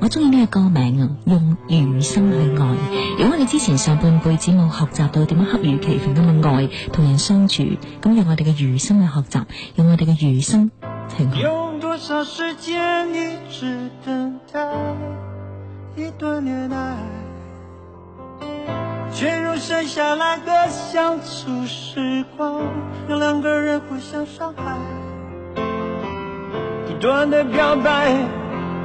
我中意呢個歌名啊。用餘生去愛。如果你之前上半輩子冇學習到點樣恰如其分咁去愛同人相處，咁用我哋嘅餘生去學習，用我哋嘅餘生去愛。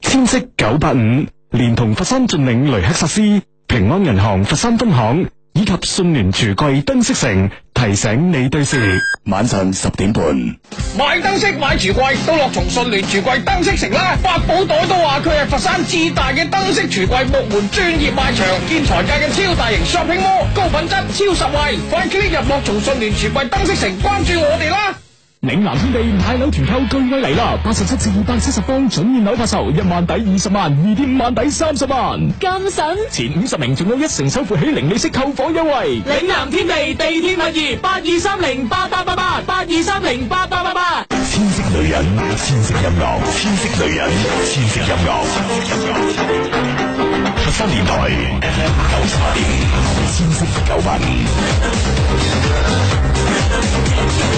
千色九八五，連同佛山駿領雷克薩斯、平安銀行佛山分行以及信聯廚櫃燈飾城。提醒你對時，晚上十點半。買燈飾、買櫥櫃，都樂從順聯櫥櫃燈飾城啦！八寶袋都話佢係佛山最大嘅燈飾、櫥櫃木門專業賣場，建材界嘅超大型 shopping mall，高品質、超實惠，快啲入樂從順聯櫥櫃燈飾城，關注我哋啦！嶺南天地買樓團購钜惠嚟啦！八十七至二百七十方準現樓發售，一萬抵二十萬，二點五萬抵三十萬，咁筍！前五十名仲有一成首付起，零利息購房優惠。嶺南天地地天物業，八二三零八八八八，八二三零八八八八。千色女人，千色音樂，千色女人，千色音樂。佛山電台，FM 九十八點五，千色九八五。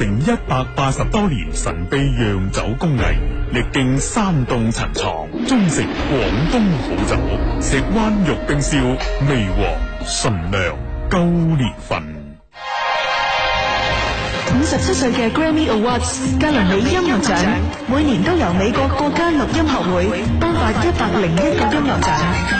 成一百八十多年神秘釀酒工藝，歷經山洞陳藏，鍾情廣東好酒，石灣玉冰燒，微黃醇釀夠年份。五十七歲嘅 Grammy Awards，格林美音樂獎，每年都由美國國家錄音學會頒發一百零一個音樂獎。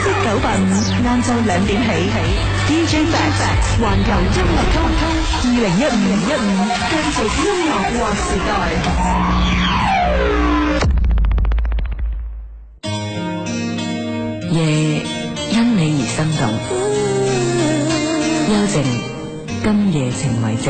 九八五晏晝兩點起，DJ Back 環遊音樂通通，二零一五零一五，繼續音樂劃時代，夜因你而生動，幽靜今夜情為證。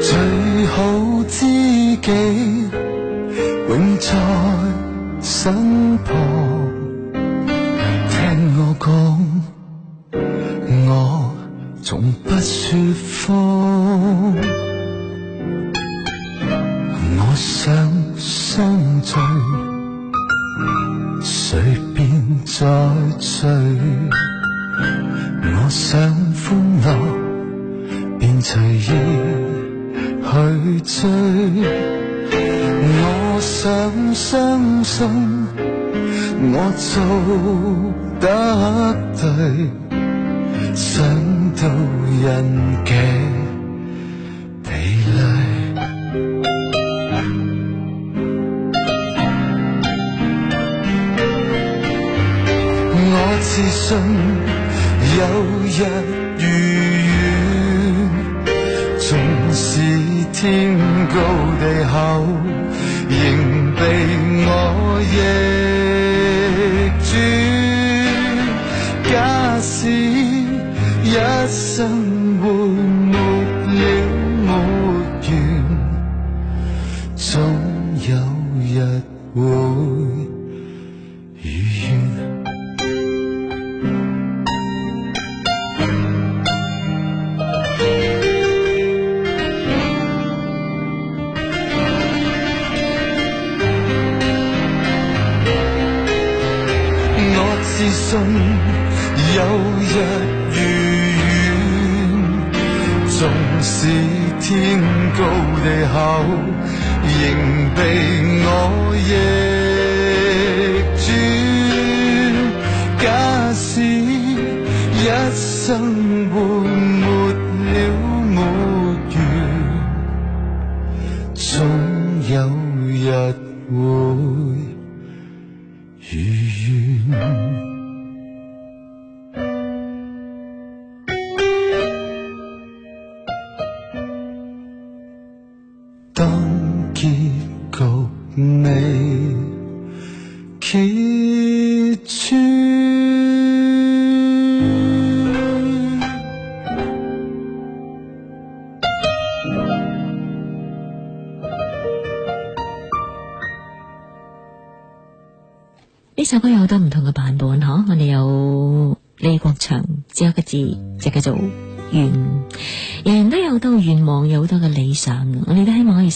最好知己，永在身旁。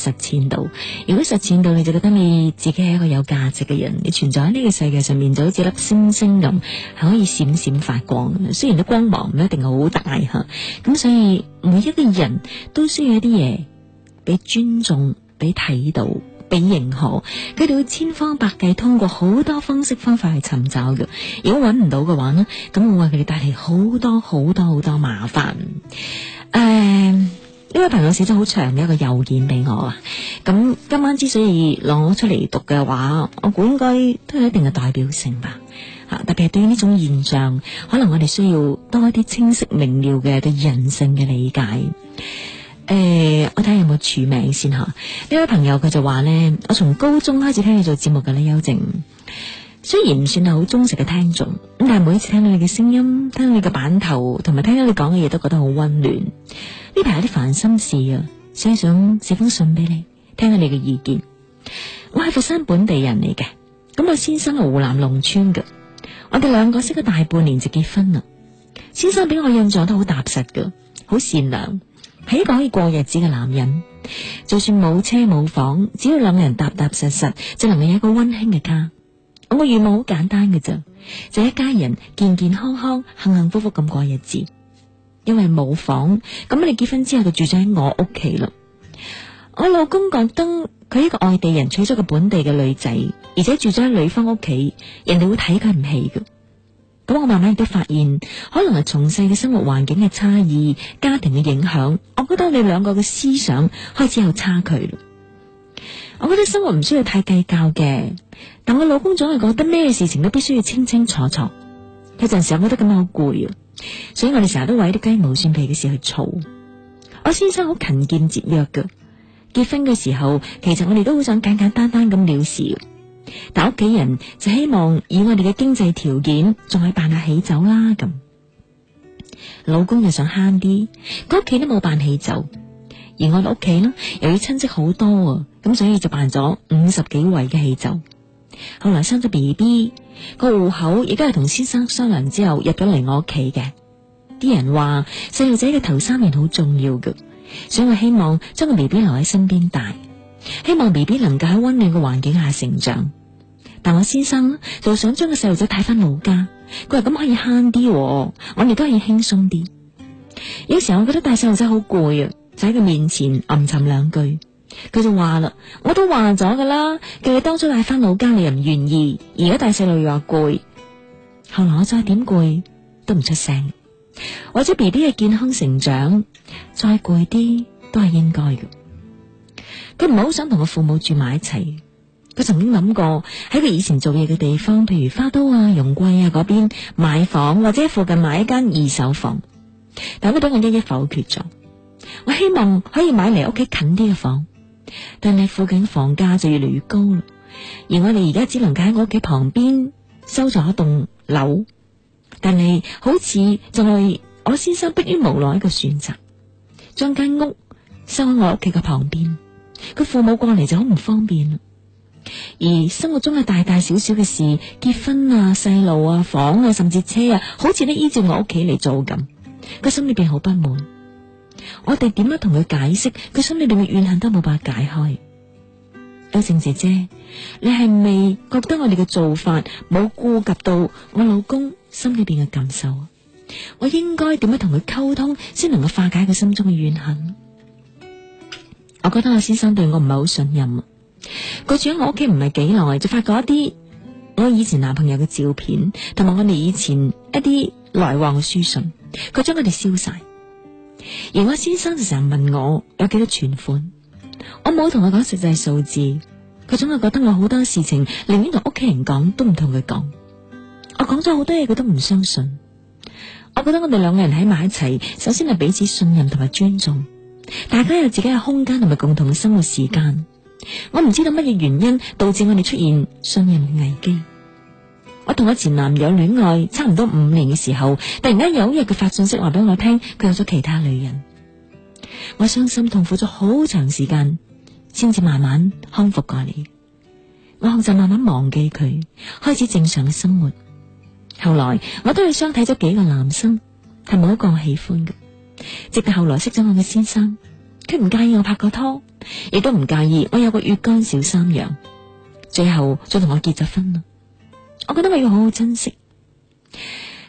實踐到，如果實踐到，你就覺得你自己係一個有價值嘅人，你存在喺呢個世界上面就好似粒星星咁，係可以閃閃發光嘅。雖然啲光芒唔一定好大吓，咁所以每一個人都需要一啲嘢，俾尊重、俾睇到、俾認可，佢哋會千方百計通過好多方式方法去尋找嘅。如果搵唔到嘅話咧，咁我話佢哋帶嚟好多好多好多好多麻煩。誒、uh,。呢位朋友寫咗好長嘅一個郵件俾我啊，咁今晚之所以攞出嚟讀嘅話，我估應該都有一定嘅代表性吧，吓特別係對於呢種現象，可能我哋需要多一啲清晰明了嘅對人性嘅理解。誒、呃，我睇下有冇署名先吓。呢位朋友佢就話呢，我從高中開始聽你做節目嘅呢，優靜，雖然唔算係好忠實嘅聽眾，咁但係每一次聽到你嘅聲音，聽到你嘅版頭，同埋聽到你講嘅嘢，都覺得好溫暖。呢排有啲煩心事啊，所以想寫封信俾你，聽下你嘅意見。我係佛山本地人嚟嘅，咁我先生係湖南農村噶。我哋兩個識咗大半年就結婚啦。先生俾我印象都好踏實噶，好善良，係一個可以過日子嘅男人。就算冇車冇房，只要兩個人踏踏實實，就能夠有一個溫馨嘅家。咁我嘅願望好簡單嘅咋，就一家人健健康康、幸幸福福咁過日子。因為冇房，咁你結婚之後就住咗喺我屋企啦。我老公覺得佢一個外地人娶咗個本地嘅女仔，而且住咗喺女方屋企，人哋會睇佢唔起嘅。咁我慢慢亦都發現，可能係從細嘅生活環境嘅差異、家庭嘅影響，我覺得你兩個嘅思想開始有差距。我覺得生活唔需要太計較嘅，但我老公總係覺得咩事情都必須要清清楚楚。有陣時我覺得咁樣好攰啊。所以我哋成日都為啲雞毛蒜皮嘅事去嘈。我先生好勤儉節約噶，結婚嘅時候其實我哋都好想簡簡單單咁了事，但屋企人就希望以我哋嘅經濟條件，仲係辦下喜酒啦咁。老公又想慳啲，佢屋企都冇辦喜酒，啊，而我哋屋企呢，又要親戚好多，咁所以就辦咗五十幾位嘅喜酒。後來生咗 B B。個戶口亦都係同先生商量之後入咗嚟我屋企嘅。啲人話細路仔嘅頭三年好重要嘅，所以我希望將個 B B 留喺身邊帶，希望 B B 能夠喺溫暖嘅環境下成長。但我先生就想將個細路仔帶翻老家，佢話咁可以慳啲，我亦都可以輕鬆啲。有時候我覺得帶細路仔好攰啊，就喺佢面前吟吟兩句。佢就話啦，我都話咗噶啦，叫你當初帶翻老家，你又唔願意；而家帶細路又話攰。後來我再點攰都唔出聲，或者 B B 嘅健康成長再攰啲都係應該嘅。佢唔好想同個父母住埋一齊。佢曾經諗過喺佢以前做嘢嘅地方，譬如花都啊、容桂啊嗰邊買房，或者附近買一間二手房。但佢俾我一一否決咗。我希望可以買嚟屋企近啲嘅房。但係附近房價就越嚟越高，而我哋而家只能喺我屋企旁邊收咗一棟樓，但係好似就係我先生迫於無奈嘅一個選擇，將間屋收喺我屋企嘅旁邊，佢父母過嚟就好唔方便，而生活中嘅大大小小嘅事，結婚啊、細路啊、房啊，甚至車啊，好似都依照我屋企嚟做咁，佢心裏邊好不滿。我哋點樣同佢解釋，佢心裏邊嘅怨恨都冇辦法解開。阿靜姐姐，你係咪覺得我哋嘅做法冇顧及到我老公心裏邊嘅感受啊？我應該點樣同佢溝通先能夠化解佢心中嘅怨恨？我覺得阿先生對我唔係好信任啊！佢住喺我屋企唔係幾耐，就發覺一啲我以前男朋友嘅照片，同埋我哋以前一啲來往嘅書信，佢將佢哋燒晒。而我先生就成日問我有幾多存款，我冇同佢講實際數字，佢總係覺得我好多事情寧願同屋企人講，都唔同佢講。我講咗好多嘢，佢都唔相信。我覺得我哋兩個人喺埋一齊，首先係彼此信任同埋尊重，大家有自己嘅空間同埋共同嘅生活時間。我唔知道乜嘢原因導致我哋出現信任危機。我同我前男友戀愛差唔多五年嘅時候，突然間有一日佢發信息話俾我聽，佢有咗其他女人。我傷心痛苦咗好長時間，先至慢慢康復過嚟。我就慢慢忘記佢，開始正常嘅生活。後來我都去相睇咗幾個男生，係冇一個我喜歡嘅。直到後來識咗我嘅先生，佢唔介意我拍過拖，亦都唔介意我有個月干小三樣，最後再同我結咗婚啦。我覺得我要好好珍惜，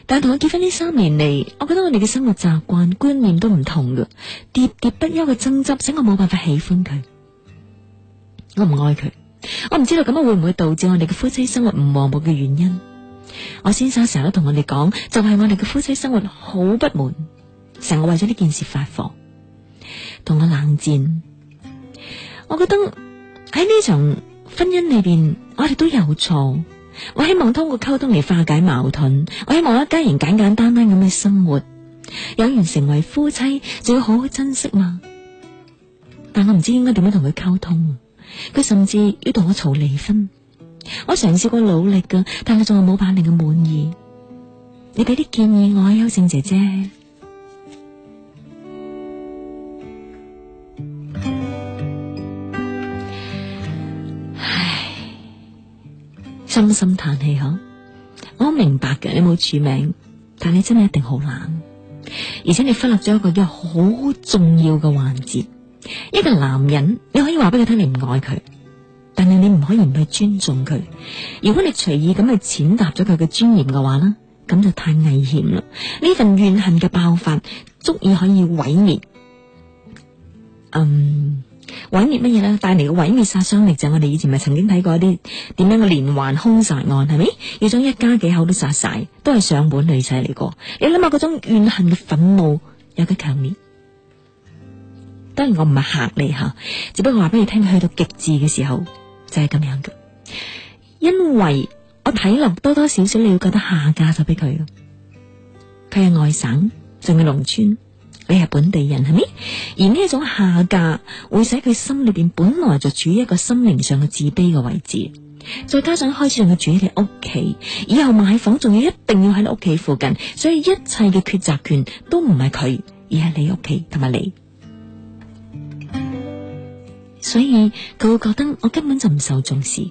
但係同佢結婚呢三年嚟，我覺得我哋嘅生活習慣觀念都唔同噶，喋喋不休嘅爭執，使我冇辦法喜歡佢，我唔愛佢，我唔知道咁樣會唔會導致我哋嘅夫妻生活唔和睦嘅原因。我先生成日都同我哋講，就係我哋嘅夫妻生活好不滿，成日為咗呢件事發火，同我冷戰。我覺得喺呢場婚姻裏邊，我哋都有錯。我希望通過溝通嚟化解矛盾，我希望一家人簡簡單單咁嘅生活。有緣成為夫妻就要好好珍惜嘛。但我唔知應該點樣同佢溝通，佢甚至要同我吵離婚。我嘗試過努力噶，但係仲係冇辦令佢滿意。你俾啲建議我啊，優勝姐姐。深深嘆氣嗬，我明白嘅，你冇署名，但你真係一定好懶，而且你忽略咗一個好重要嘅環節。一個男人，你可以話俾佢聽你唔愛佢，但係你唔可以唔去尊重佢。如果你隨意咁去踐踏咗佢嘅尊嚴嘅話呢咁就太危險啦。呢份怨恨嘅爆發，足以可以毀滅。嗯。毀滅乜嘢咧？帶嚟嘅毀滅殺傷力就係我哋以前咪曾經睇過一啲點樣嘅連環兇殺案，係咪？要將一家幾口都殺晒，都係上本女仔嚟過。你諗下嗰種怨恨嘅憤怒，有幾強烈？當然我唔係嚇你吓，只不過話俾你聽，去到極致嘅時候就係、是、咁樣嘅。因為我睇可能多多少少你會覺得下架咗俾佢，佢係外省，仲係農村。你係本地人係咪？而呢一種下嫁會使佢心裏邊本來就處於一個心靈上嘅自卑嘅位置，再加上開始令佢住喺你屋企，以後買房仲，要一定要喺你屋企附近，所以一切嘅抉擇權都唔係佢，而係你屋企同埋你，所以佢會覺得我根本就唔受重視，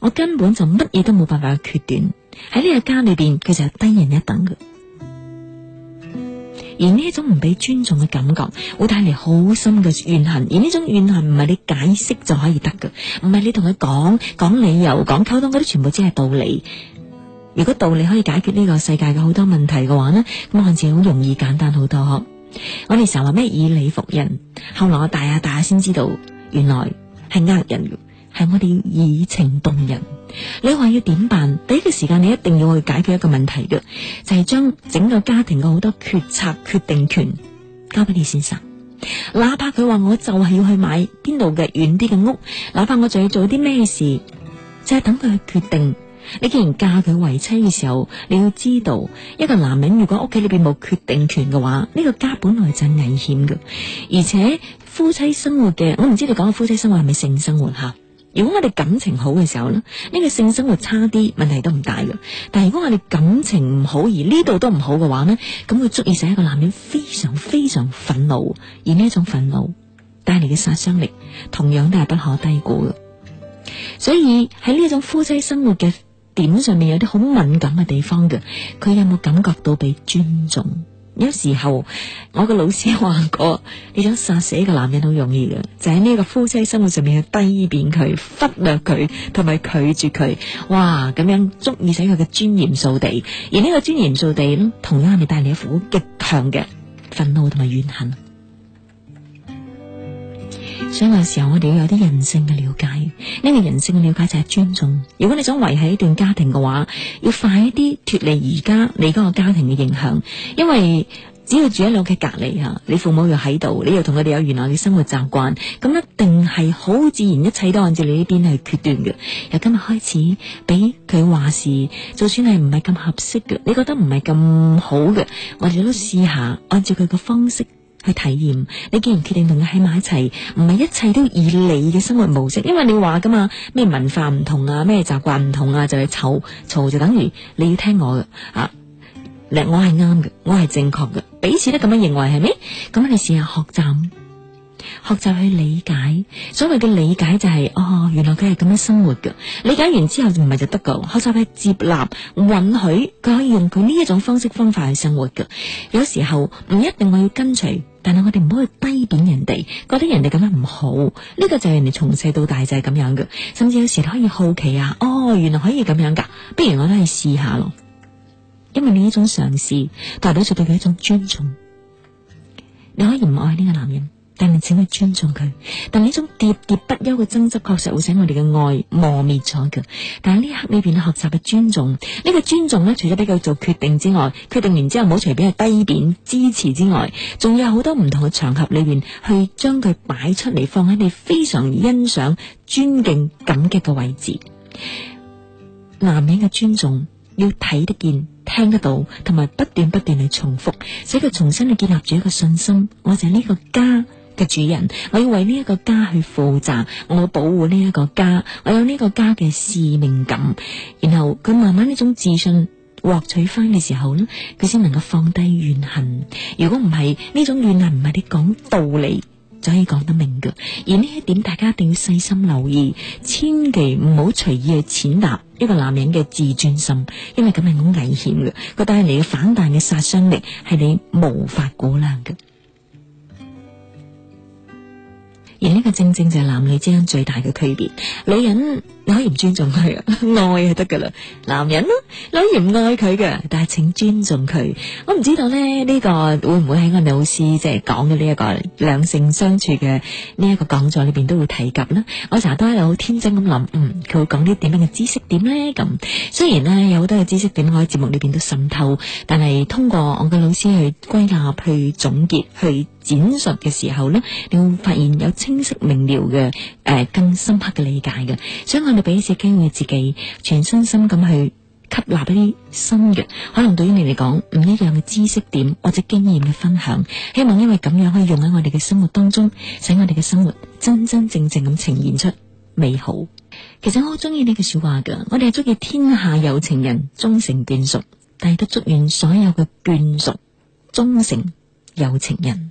我根本就乜嘢都冇辦法去決斷喺呢個家裏邊，佢就係低人一等嘅。而呢一種唔俾尊重嘅感覺，會帶嚟好深嘅怨恨。而呢種怨恨唔係你解釋就可以得嘅，唔係你同佢講講理由，講溝通啲，全部只係道理。如果道理可以解決呢個世界嘅好多問題嘅話咧，咁好似好容易簡單好多。嗬，我哋成日話咩以理服人，後來我大下大下先知道，原來係呃人，係我哋以情動人。你話要點辦？第一個時間你一定要去解決一個問題嘅，就係將整個家庭嘅好多決策決定權交俾你先生。哪怕佢話我就係要去買邊度嘅遠啲嘅屋，哪怕我仲要做啲咩事，就係等佢去決定。你既然嫁佢為妻嘅時候，你要知道一個男人如果屋企裏邊冇決定權嘅話，呢個家本來就係危險嘅。而且夫妻生活嘅，我唔知你講嘅夫妻生活係咪性生活吓？如果我哋感情好嘅時候咧，呢個性生活差啲，問題都唔大嘅。但係如果我哋感情唔好，而呢度都唔好嘅話呢，咁佢足以使一個男人非常非常憤怒，而呢一種憤怒帶嚟嘅殺傷力，同樣都係不可低估嘅。所以喺呢一種夫妻生活嘅點上面，有啲好敏感嘅地方嘅，佢有冇感覺到被尊重？有時候我個老師話過，你想殺死一個男人好容易嘅，就喺呢個夫妻生活上面去低貶佢、忽略佢、同埋拒絕佢，哇，咁樣足以使佢嘅尊嚴掃地，而呢個尊嚴掃地，咁同樣係咪帶嚟一股極強嘅憤怒同埋怨恨？所以有時候我哋要有啲人性嘅了解，呢、呢個人性嘅了解就係尊重。如果你想維繫一段家庭嘅話，要快一啲脫離而家你嗰個家庭嘅影響，因為只要住喺你屋企隔離呀，你父母又喺度，你又同佢哋有原來嘅生活習慣，咁一定係好自然，一切都按照你呢邊去決斷嘅。由今日開始，俾佢話事，就算係唔係咁合適嘅，你覺得唔係咁好嘅，我哋都試下按照佢嘅方式。去體驗，你既然決定同佢喺埋一齊，唔係一切都以你嘅生活模式。因為你話噶嘛，咩文化唔同啊，咩習慣唔同啊，就去、是、吵，吵就等於你要聽我嘅啊。嗱，我係啱嘅，我係正確嘅，彼此都咁樣認為係咩？咁你試下學習，學習去理解。所謂嘅理解就係、是、哦，原來佢係咁樣生活嘅。理解完之後唔係就得噶，學習去接納，允許佢可以用佢呢一種方式方法去生活嘅。有時候唔一定我要跟隨。但係我哋唔可以去低貶人哋，覺得人哋咁樣唔好，呢、這個就係人哋從細到大就係、是、咁樣嘅，甚至有時可以好奇啊，哦，原來可以咁樣噶，不如我都去試下咯，因為你呢種嘗試，代表咗對佢一種尊重，你可以唔愛呢個男人。但係，請你尊重佢。但係呢種喋喋不休嘅爭執，確實會使我哋嘅愛磨滅咗嘅。但係呢一刻裏邊學習嘅尊重，呢、呢個尊重呢，除咗俾佢做決定之外，決定完之後唔好隨便去低貶支持之外，仲有好多唔同嘅場合裏邊去將佢擺出嚟，放喺你非常欣賞、尊敬、感激嘅位置。男人嘅尊重要睇得見、聽得到，同埋不斷不斷去重複，使佢重新去建立住一個信心。我就係呢個家嘅主人，我要為呢一個家去負責，我保護呢一個家，我有呢個家嘅使命感。然後佢慢慢呢種自信獲取翻嘅時候咧，佢先能夠放低怨恨。如果唔係呢種怨恨，唔係你講道理，就可以講得明噶。而呢一點大家一定要細心留意，千祈唔好隨意去踐踏一個男人嘅自尊心，因為咁係好危險嘅，佢帶嚟嘅反彈嘅殺傷力係你無法估量嘅。而呢個正正就係男女之間最大嘅區別，女人你可以唔尊重佢啊，愛就得噶啦，男人咯，女人唔愛佢嘅，但係請尊重佢。我唔知道咧，呢個會唔會喺我哋老師即係講嘅呢一個兩性相處嘅呢一個講座裏邊都會提及咧？我成日都喺度，好天真咁諗，嗯，佢會講啲點樣嘅知識點呢？咁雖然呢，有好多嘅知識點我喺節目裏邊都滲透，但係通過我嘅老師去歸納、去總結、去展述嘅時候咧，你會發現有清晰明了嘅誒、呃，更深刻嘅理解嘅。所以，我哋俾一次機會自己全身心咁去吸納一啲新嘅，可能對於你嚟講唔一樣嘅知識點或者經驗嘅分享。希望因為咁樣可以用喺我哋嘅生活當中，使我哋嘅生活真真正正咁呈現出美好。其實我好中意呢句說話噶，我哋係中意天下有情人終成眷屬，但係都祝願所有嘅眷屬終成有情人。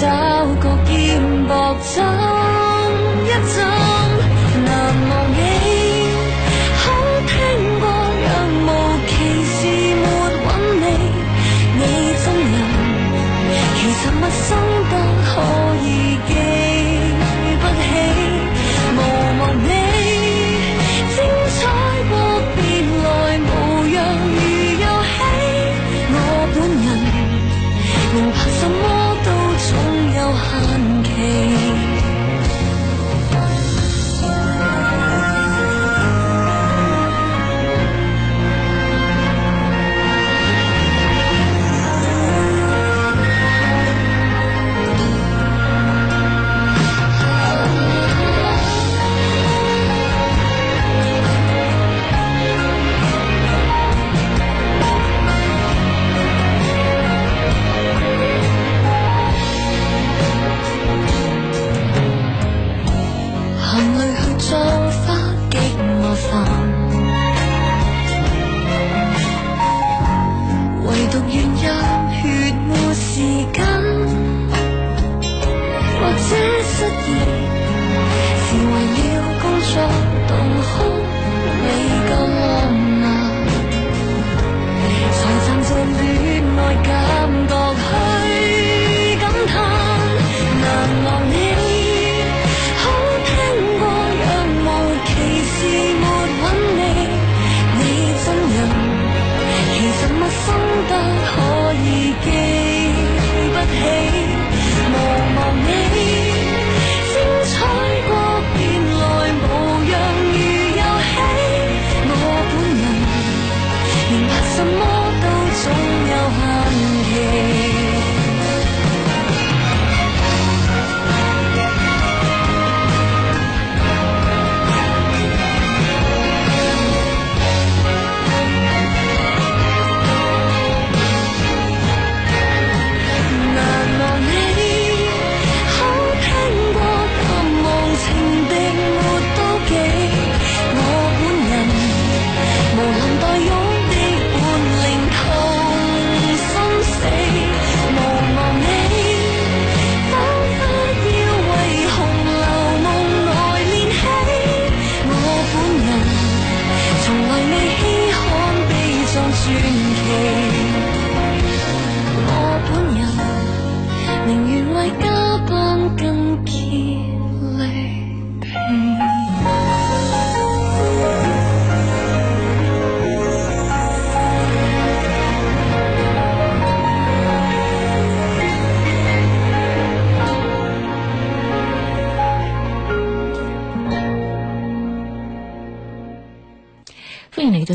找個肩膊枕。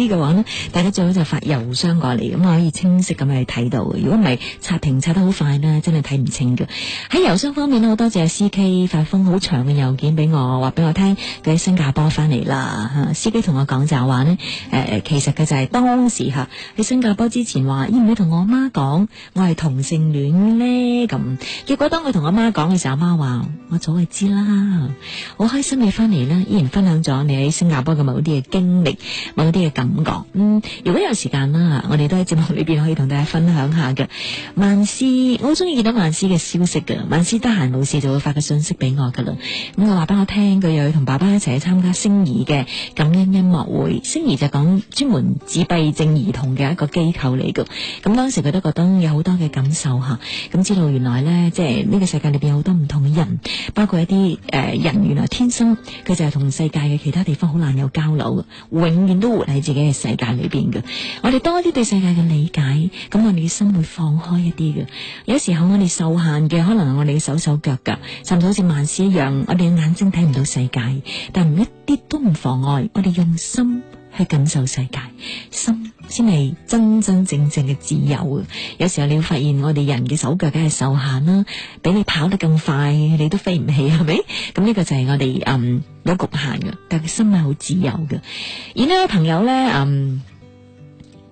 呢嘅話咧，大家最好就發郵箱過嚟，咁可以清晰咁去睇到。如果唔係，刷屏刷得好快咧，真係睇唔清嘅。喺郵箱方面，呢，我多謝 CK 發封好長嘅郵件俾我，話俾我聽佢喺新加坡翻嚟啦。司機同我講就話呢，誒、呃，其實佢就係當時吓，喺新加坡之前話，要唔要同我媽講我係同性戀呢。咁結果當佢同我媽講嘅時候，阿媽話我早就知啦，好開心你翻嚟啦，依然分享咗你喺新加坡嘅某啲嘅經歷，某啲嘅感。咁講，嗯，如果有時間啦，我哋都喺節目裏邊可以同大家分享下嘅。萬斯，我好中意見到萬斯嘅消息嘅。萬斯得閒，老師就會發個信息俾我噶啦。咁佢話俾我聽，佢又要同爸爸一齊去參加星兒嘅感恩音樂會。星兒就講專門自閉症兒童嘅一個機構嚟㗎。咁、嗯、當時佢都覺得有好多嘅感受吓，咁、嗯、知道原來呢，即係呢個世界裏邊有好多唔同嘅人，包括一啲誒、呃、人原來，天生佢就係同世界嘅其他地方好難有交流，永遠都活喺自己嘅世界裏邊嘅，我哋多啲對世界嘅理解，咁我哋嘅心會放開一啲嘅。有時候我哋受限嘅，可能係我哋嘅手手腳腳，甚至好似萬事一樣，我哋嘅眼睛睇唔到世界，但唔一啲都唔妨礙我哋用心。去感受世界，心先係真真正正嘅自由啊！有時候你會發現，我哋人嘅手腳梗係受限啦，俾你跑得咁快，你都飛唔起，係咪？咁呢個就係我哋嗯，好局限㗎，但係佢心係好自由嘅。而呢位朋友咧，嗯。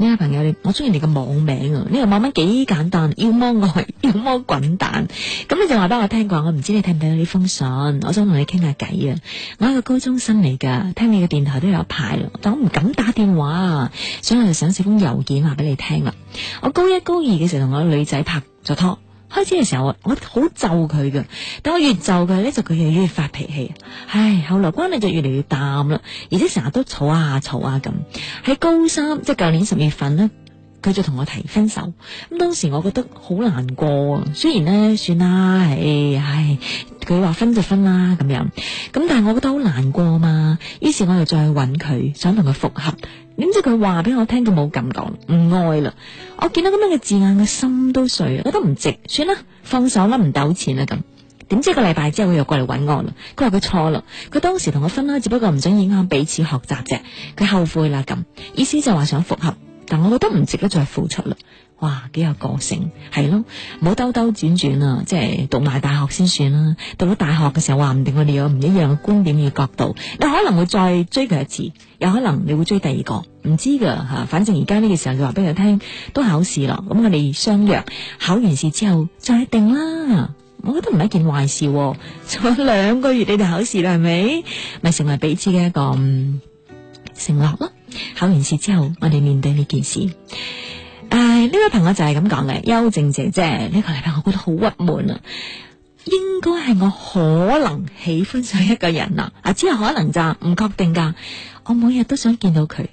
呢位朋友你，我中意你個網名啊！呢個網名幾簡單，要麼愛要麼滾蛋。咁你就話俾我聽啩，我唔知你聽唔聽到呢封信，我想同你傾下偈啊！我係個高中生嚟噶聽你嘅電台都有排，但我唔敢打電話，所以我就想寫封郵件話俾你聽啦。我高一高二嘅時候同我個女仔拍咗拖。開始嘅時候我好咒佢㗎，但我越咒佢咧，就佢越，越發脾氣。唉，後來關係就越嚟越淡啦，而且成日都吵啊吵啊咁。喺高三即係舊年十月份咧，佢就同我提分手。咁當時我覺得好難過啊，雖然咧算啦，係唉佢話分就分啦咁樣。咁但係我覺得好難過嘛，於是我又再揾佢，想同佢復合。點知佢話俾我聽，佢冇感覺，唔愛啦。我見到咁樣嘅字眼，我心都碎啊，覺得唔值，算啦，放手啦，唔糾纏啦咁。點知一個禮拜之後，佢又過嚟搵我啦。佢話佢錯啦，佢當時同我分開，只不過唔想影響彼此學習啫。佢後悔啦咁，意思就話想復合，但我覺得唔值得再付出啦。哇，幾有個性，係咯，唔好兜兜轉轉啊！即係讀埋大學先算啦、啊。到咗大學嘅時候，話唔定我哋有唔一樣嘅觀點與角度。你可能會再追佢一次，有可能你會追第二個，唔知噶吓。反正而家呢個時候，就話俾佢聽，都考試咯。咁我哋相約，考完試之後再定啦。我覺得唔係一件壞事、啊。仲有兩個月你哋考試啦，係咪？咪成為彼此嘅一個承諾咯。考完試之後，我哋面對呢件事。誒，呢位、哎這個、朋友就係咁講嘅，幽靜姐姐呢、這個禮拜我覺得好鬱悶啊，應該係我可能喜歡上一個人啊，啊只係可能咋，唔確定噶，我每日都想見到佢，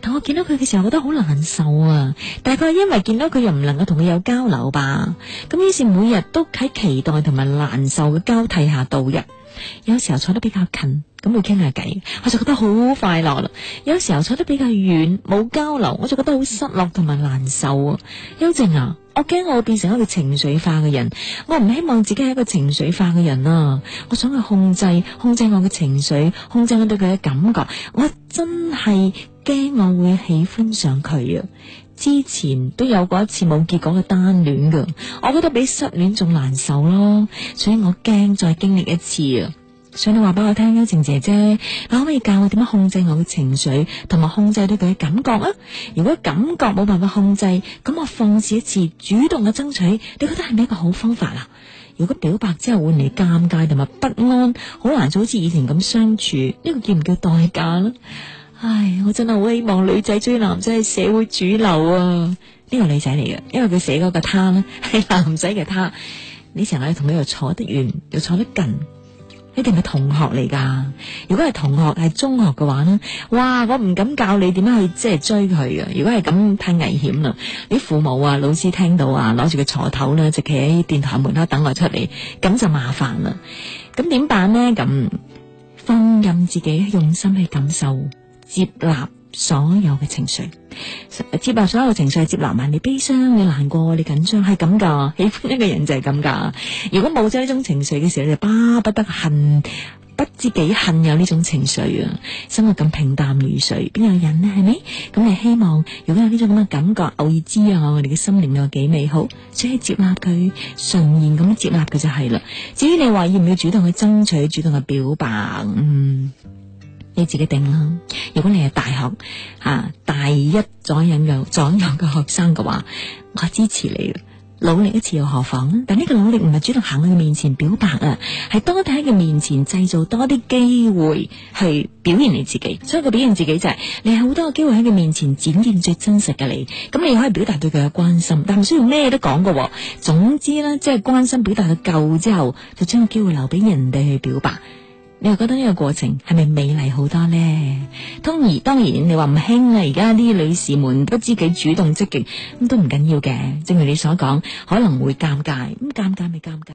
但我見到佢嘅時候我覺得好難受啊，大概因為見到佢又唔能夠同佢有交流吧，咁於是每日都喺期待同埋難受嘅交替下度日。有時候坐得比較近，咁會傾下偈，我就覺得好快樂啦。有時候坐得比較遠，冇交流，我就覺得好失落同埋難受啊。邱、嗯、靜啊，我驚我會變成一個情緒化嘅人，我唔希望自己係一個情緒化嘅人啊。我想去控制，控制我嘅情緒，控制我對佢嘅感覺。我真係驚我會喜歡上佢啊！之前都有過一次冇結果嘅單戀噶，我覺得比失戀仲難受咯，所以我驚再經歷一次啊！想你話俾我聽，幽靜姐姐，你可唔可以教我點樣控制我嘅情緒，同埋控制對佢嘅感覺啊？如果感覺冇辦法控制，咁我放肆一次，主動嘅爭取，你覺得係咪一個好方法啊？如果表白之後換嚟尷尬同埋不安，難好難就好似以前咁相處，呢、這個叫唔叫代價呢？唉，我真係好希望女仔追男仔係社會主流啊！呢個女仔嚟嘅，因為佢寫嗰個他咧係男仔嘅他，你成日要同佢又坐得遠又坐得近，一定係同學嚟噶。如果係同學係中學嘅話呢，哇！我唔敢教你點樣去即係追佢啊！如果係咁太危險啦，你父母啊、老師聽到啊，攞住個鋤頭咧就企喺電台門口等我出嚟，咁就麻煩啦。咁點辦呢？咁放任自己用心去感受。接納所有嘅情緒，接納所有嘅情緒，接納埋你悲傷，你難過，你緊張，係咁噶。喜歡一個人就係咁噶。如果冇咗呢種情緒嘅時候，你就巴不得恨，不知幾恨有呢種情緒啊！生活咁平淡如水，邊有人呢？係咪？咁你希望，如果有呢種咁嘅感覺，偶爾滋養下我哋嘅心靈又幾美好。所以接納佢，順然咁接納佢就係啦。至於你話要唔要主動去爭取，主動去表白，嗯。你自己定啦。如果你係大學啊大一左右嘅，左右嘅學生嘅話，我支持你，努力一次又何妨啊？但呢個努力唔係主動行去佢面前表白啊，係多啲喺佢面前製造多啲機會去表現你自己。所以佢表現自己就係、是、你有好多個機會喺佢面前展現最真實嘅你。咁你可以表達對佢嘅關心，但唔需要咩都講嘅、啊。總之咧，即、就、係、是、關心表達個夠之後，就將個機會留俾人哋去表白。你又覺得呢個過程係咪美麗好多咧？通而當然，你話唔興啊！而家啲女士們不知幾主動積極，咁都唔緊要嘅。正如你所講，可能會尷尬，咁尷尬咪尷尬。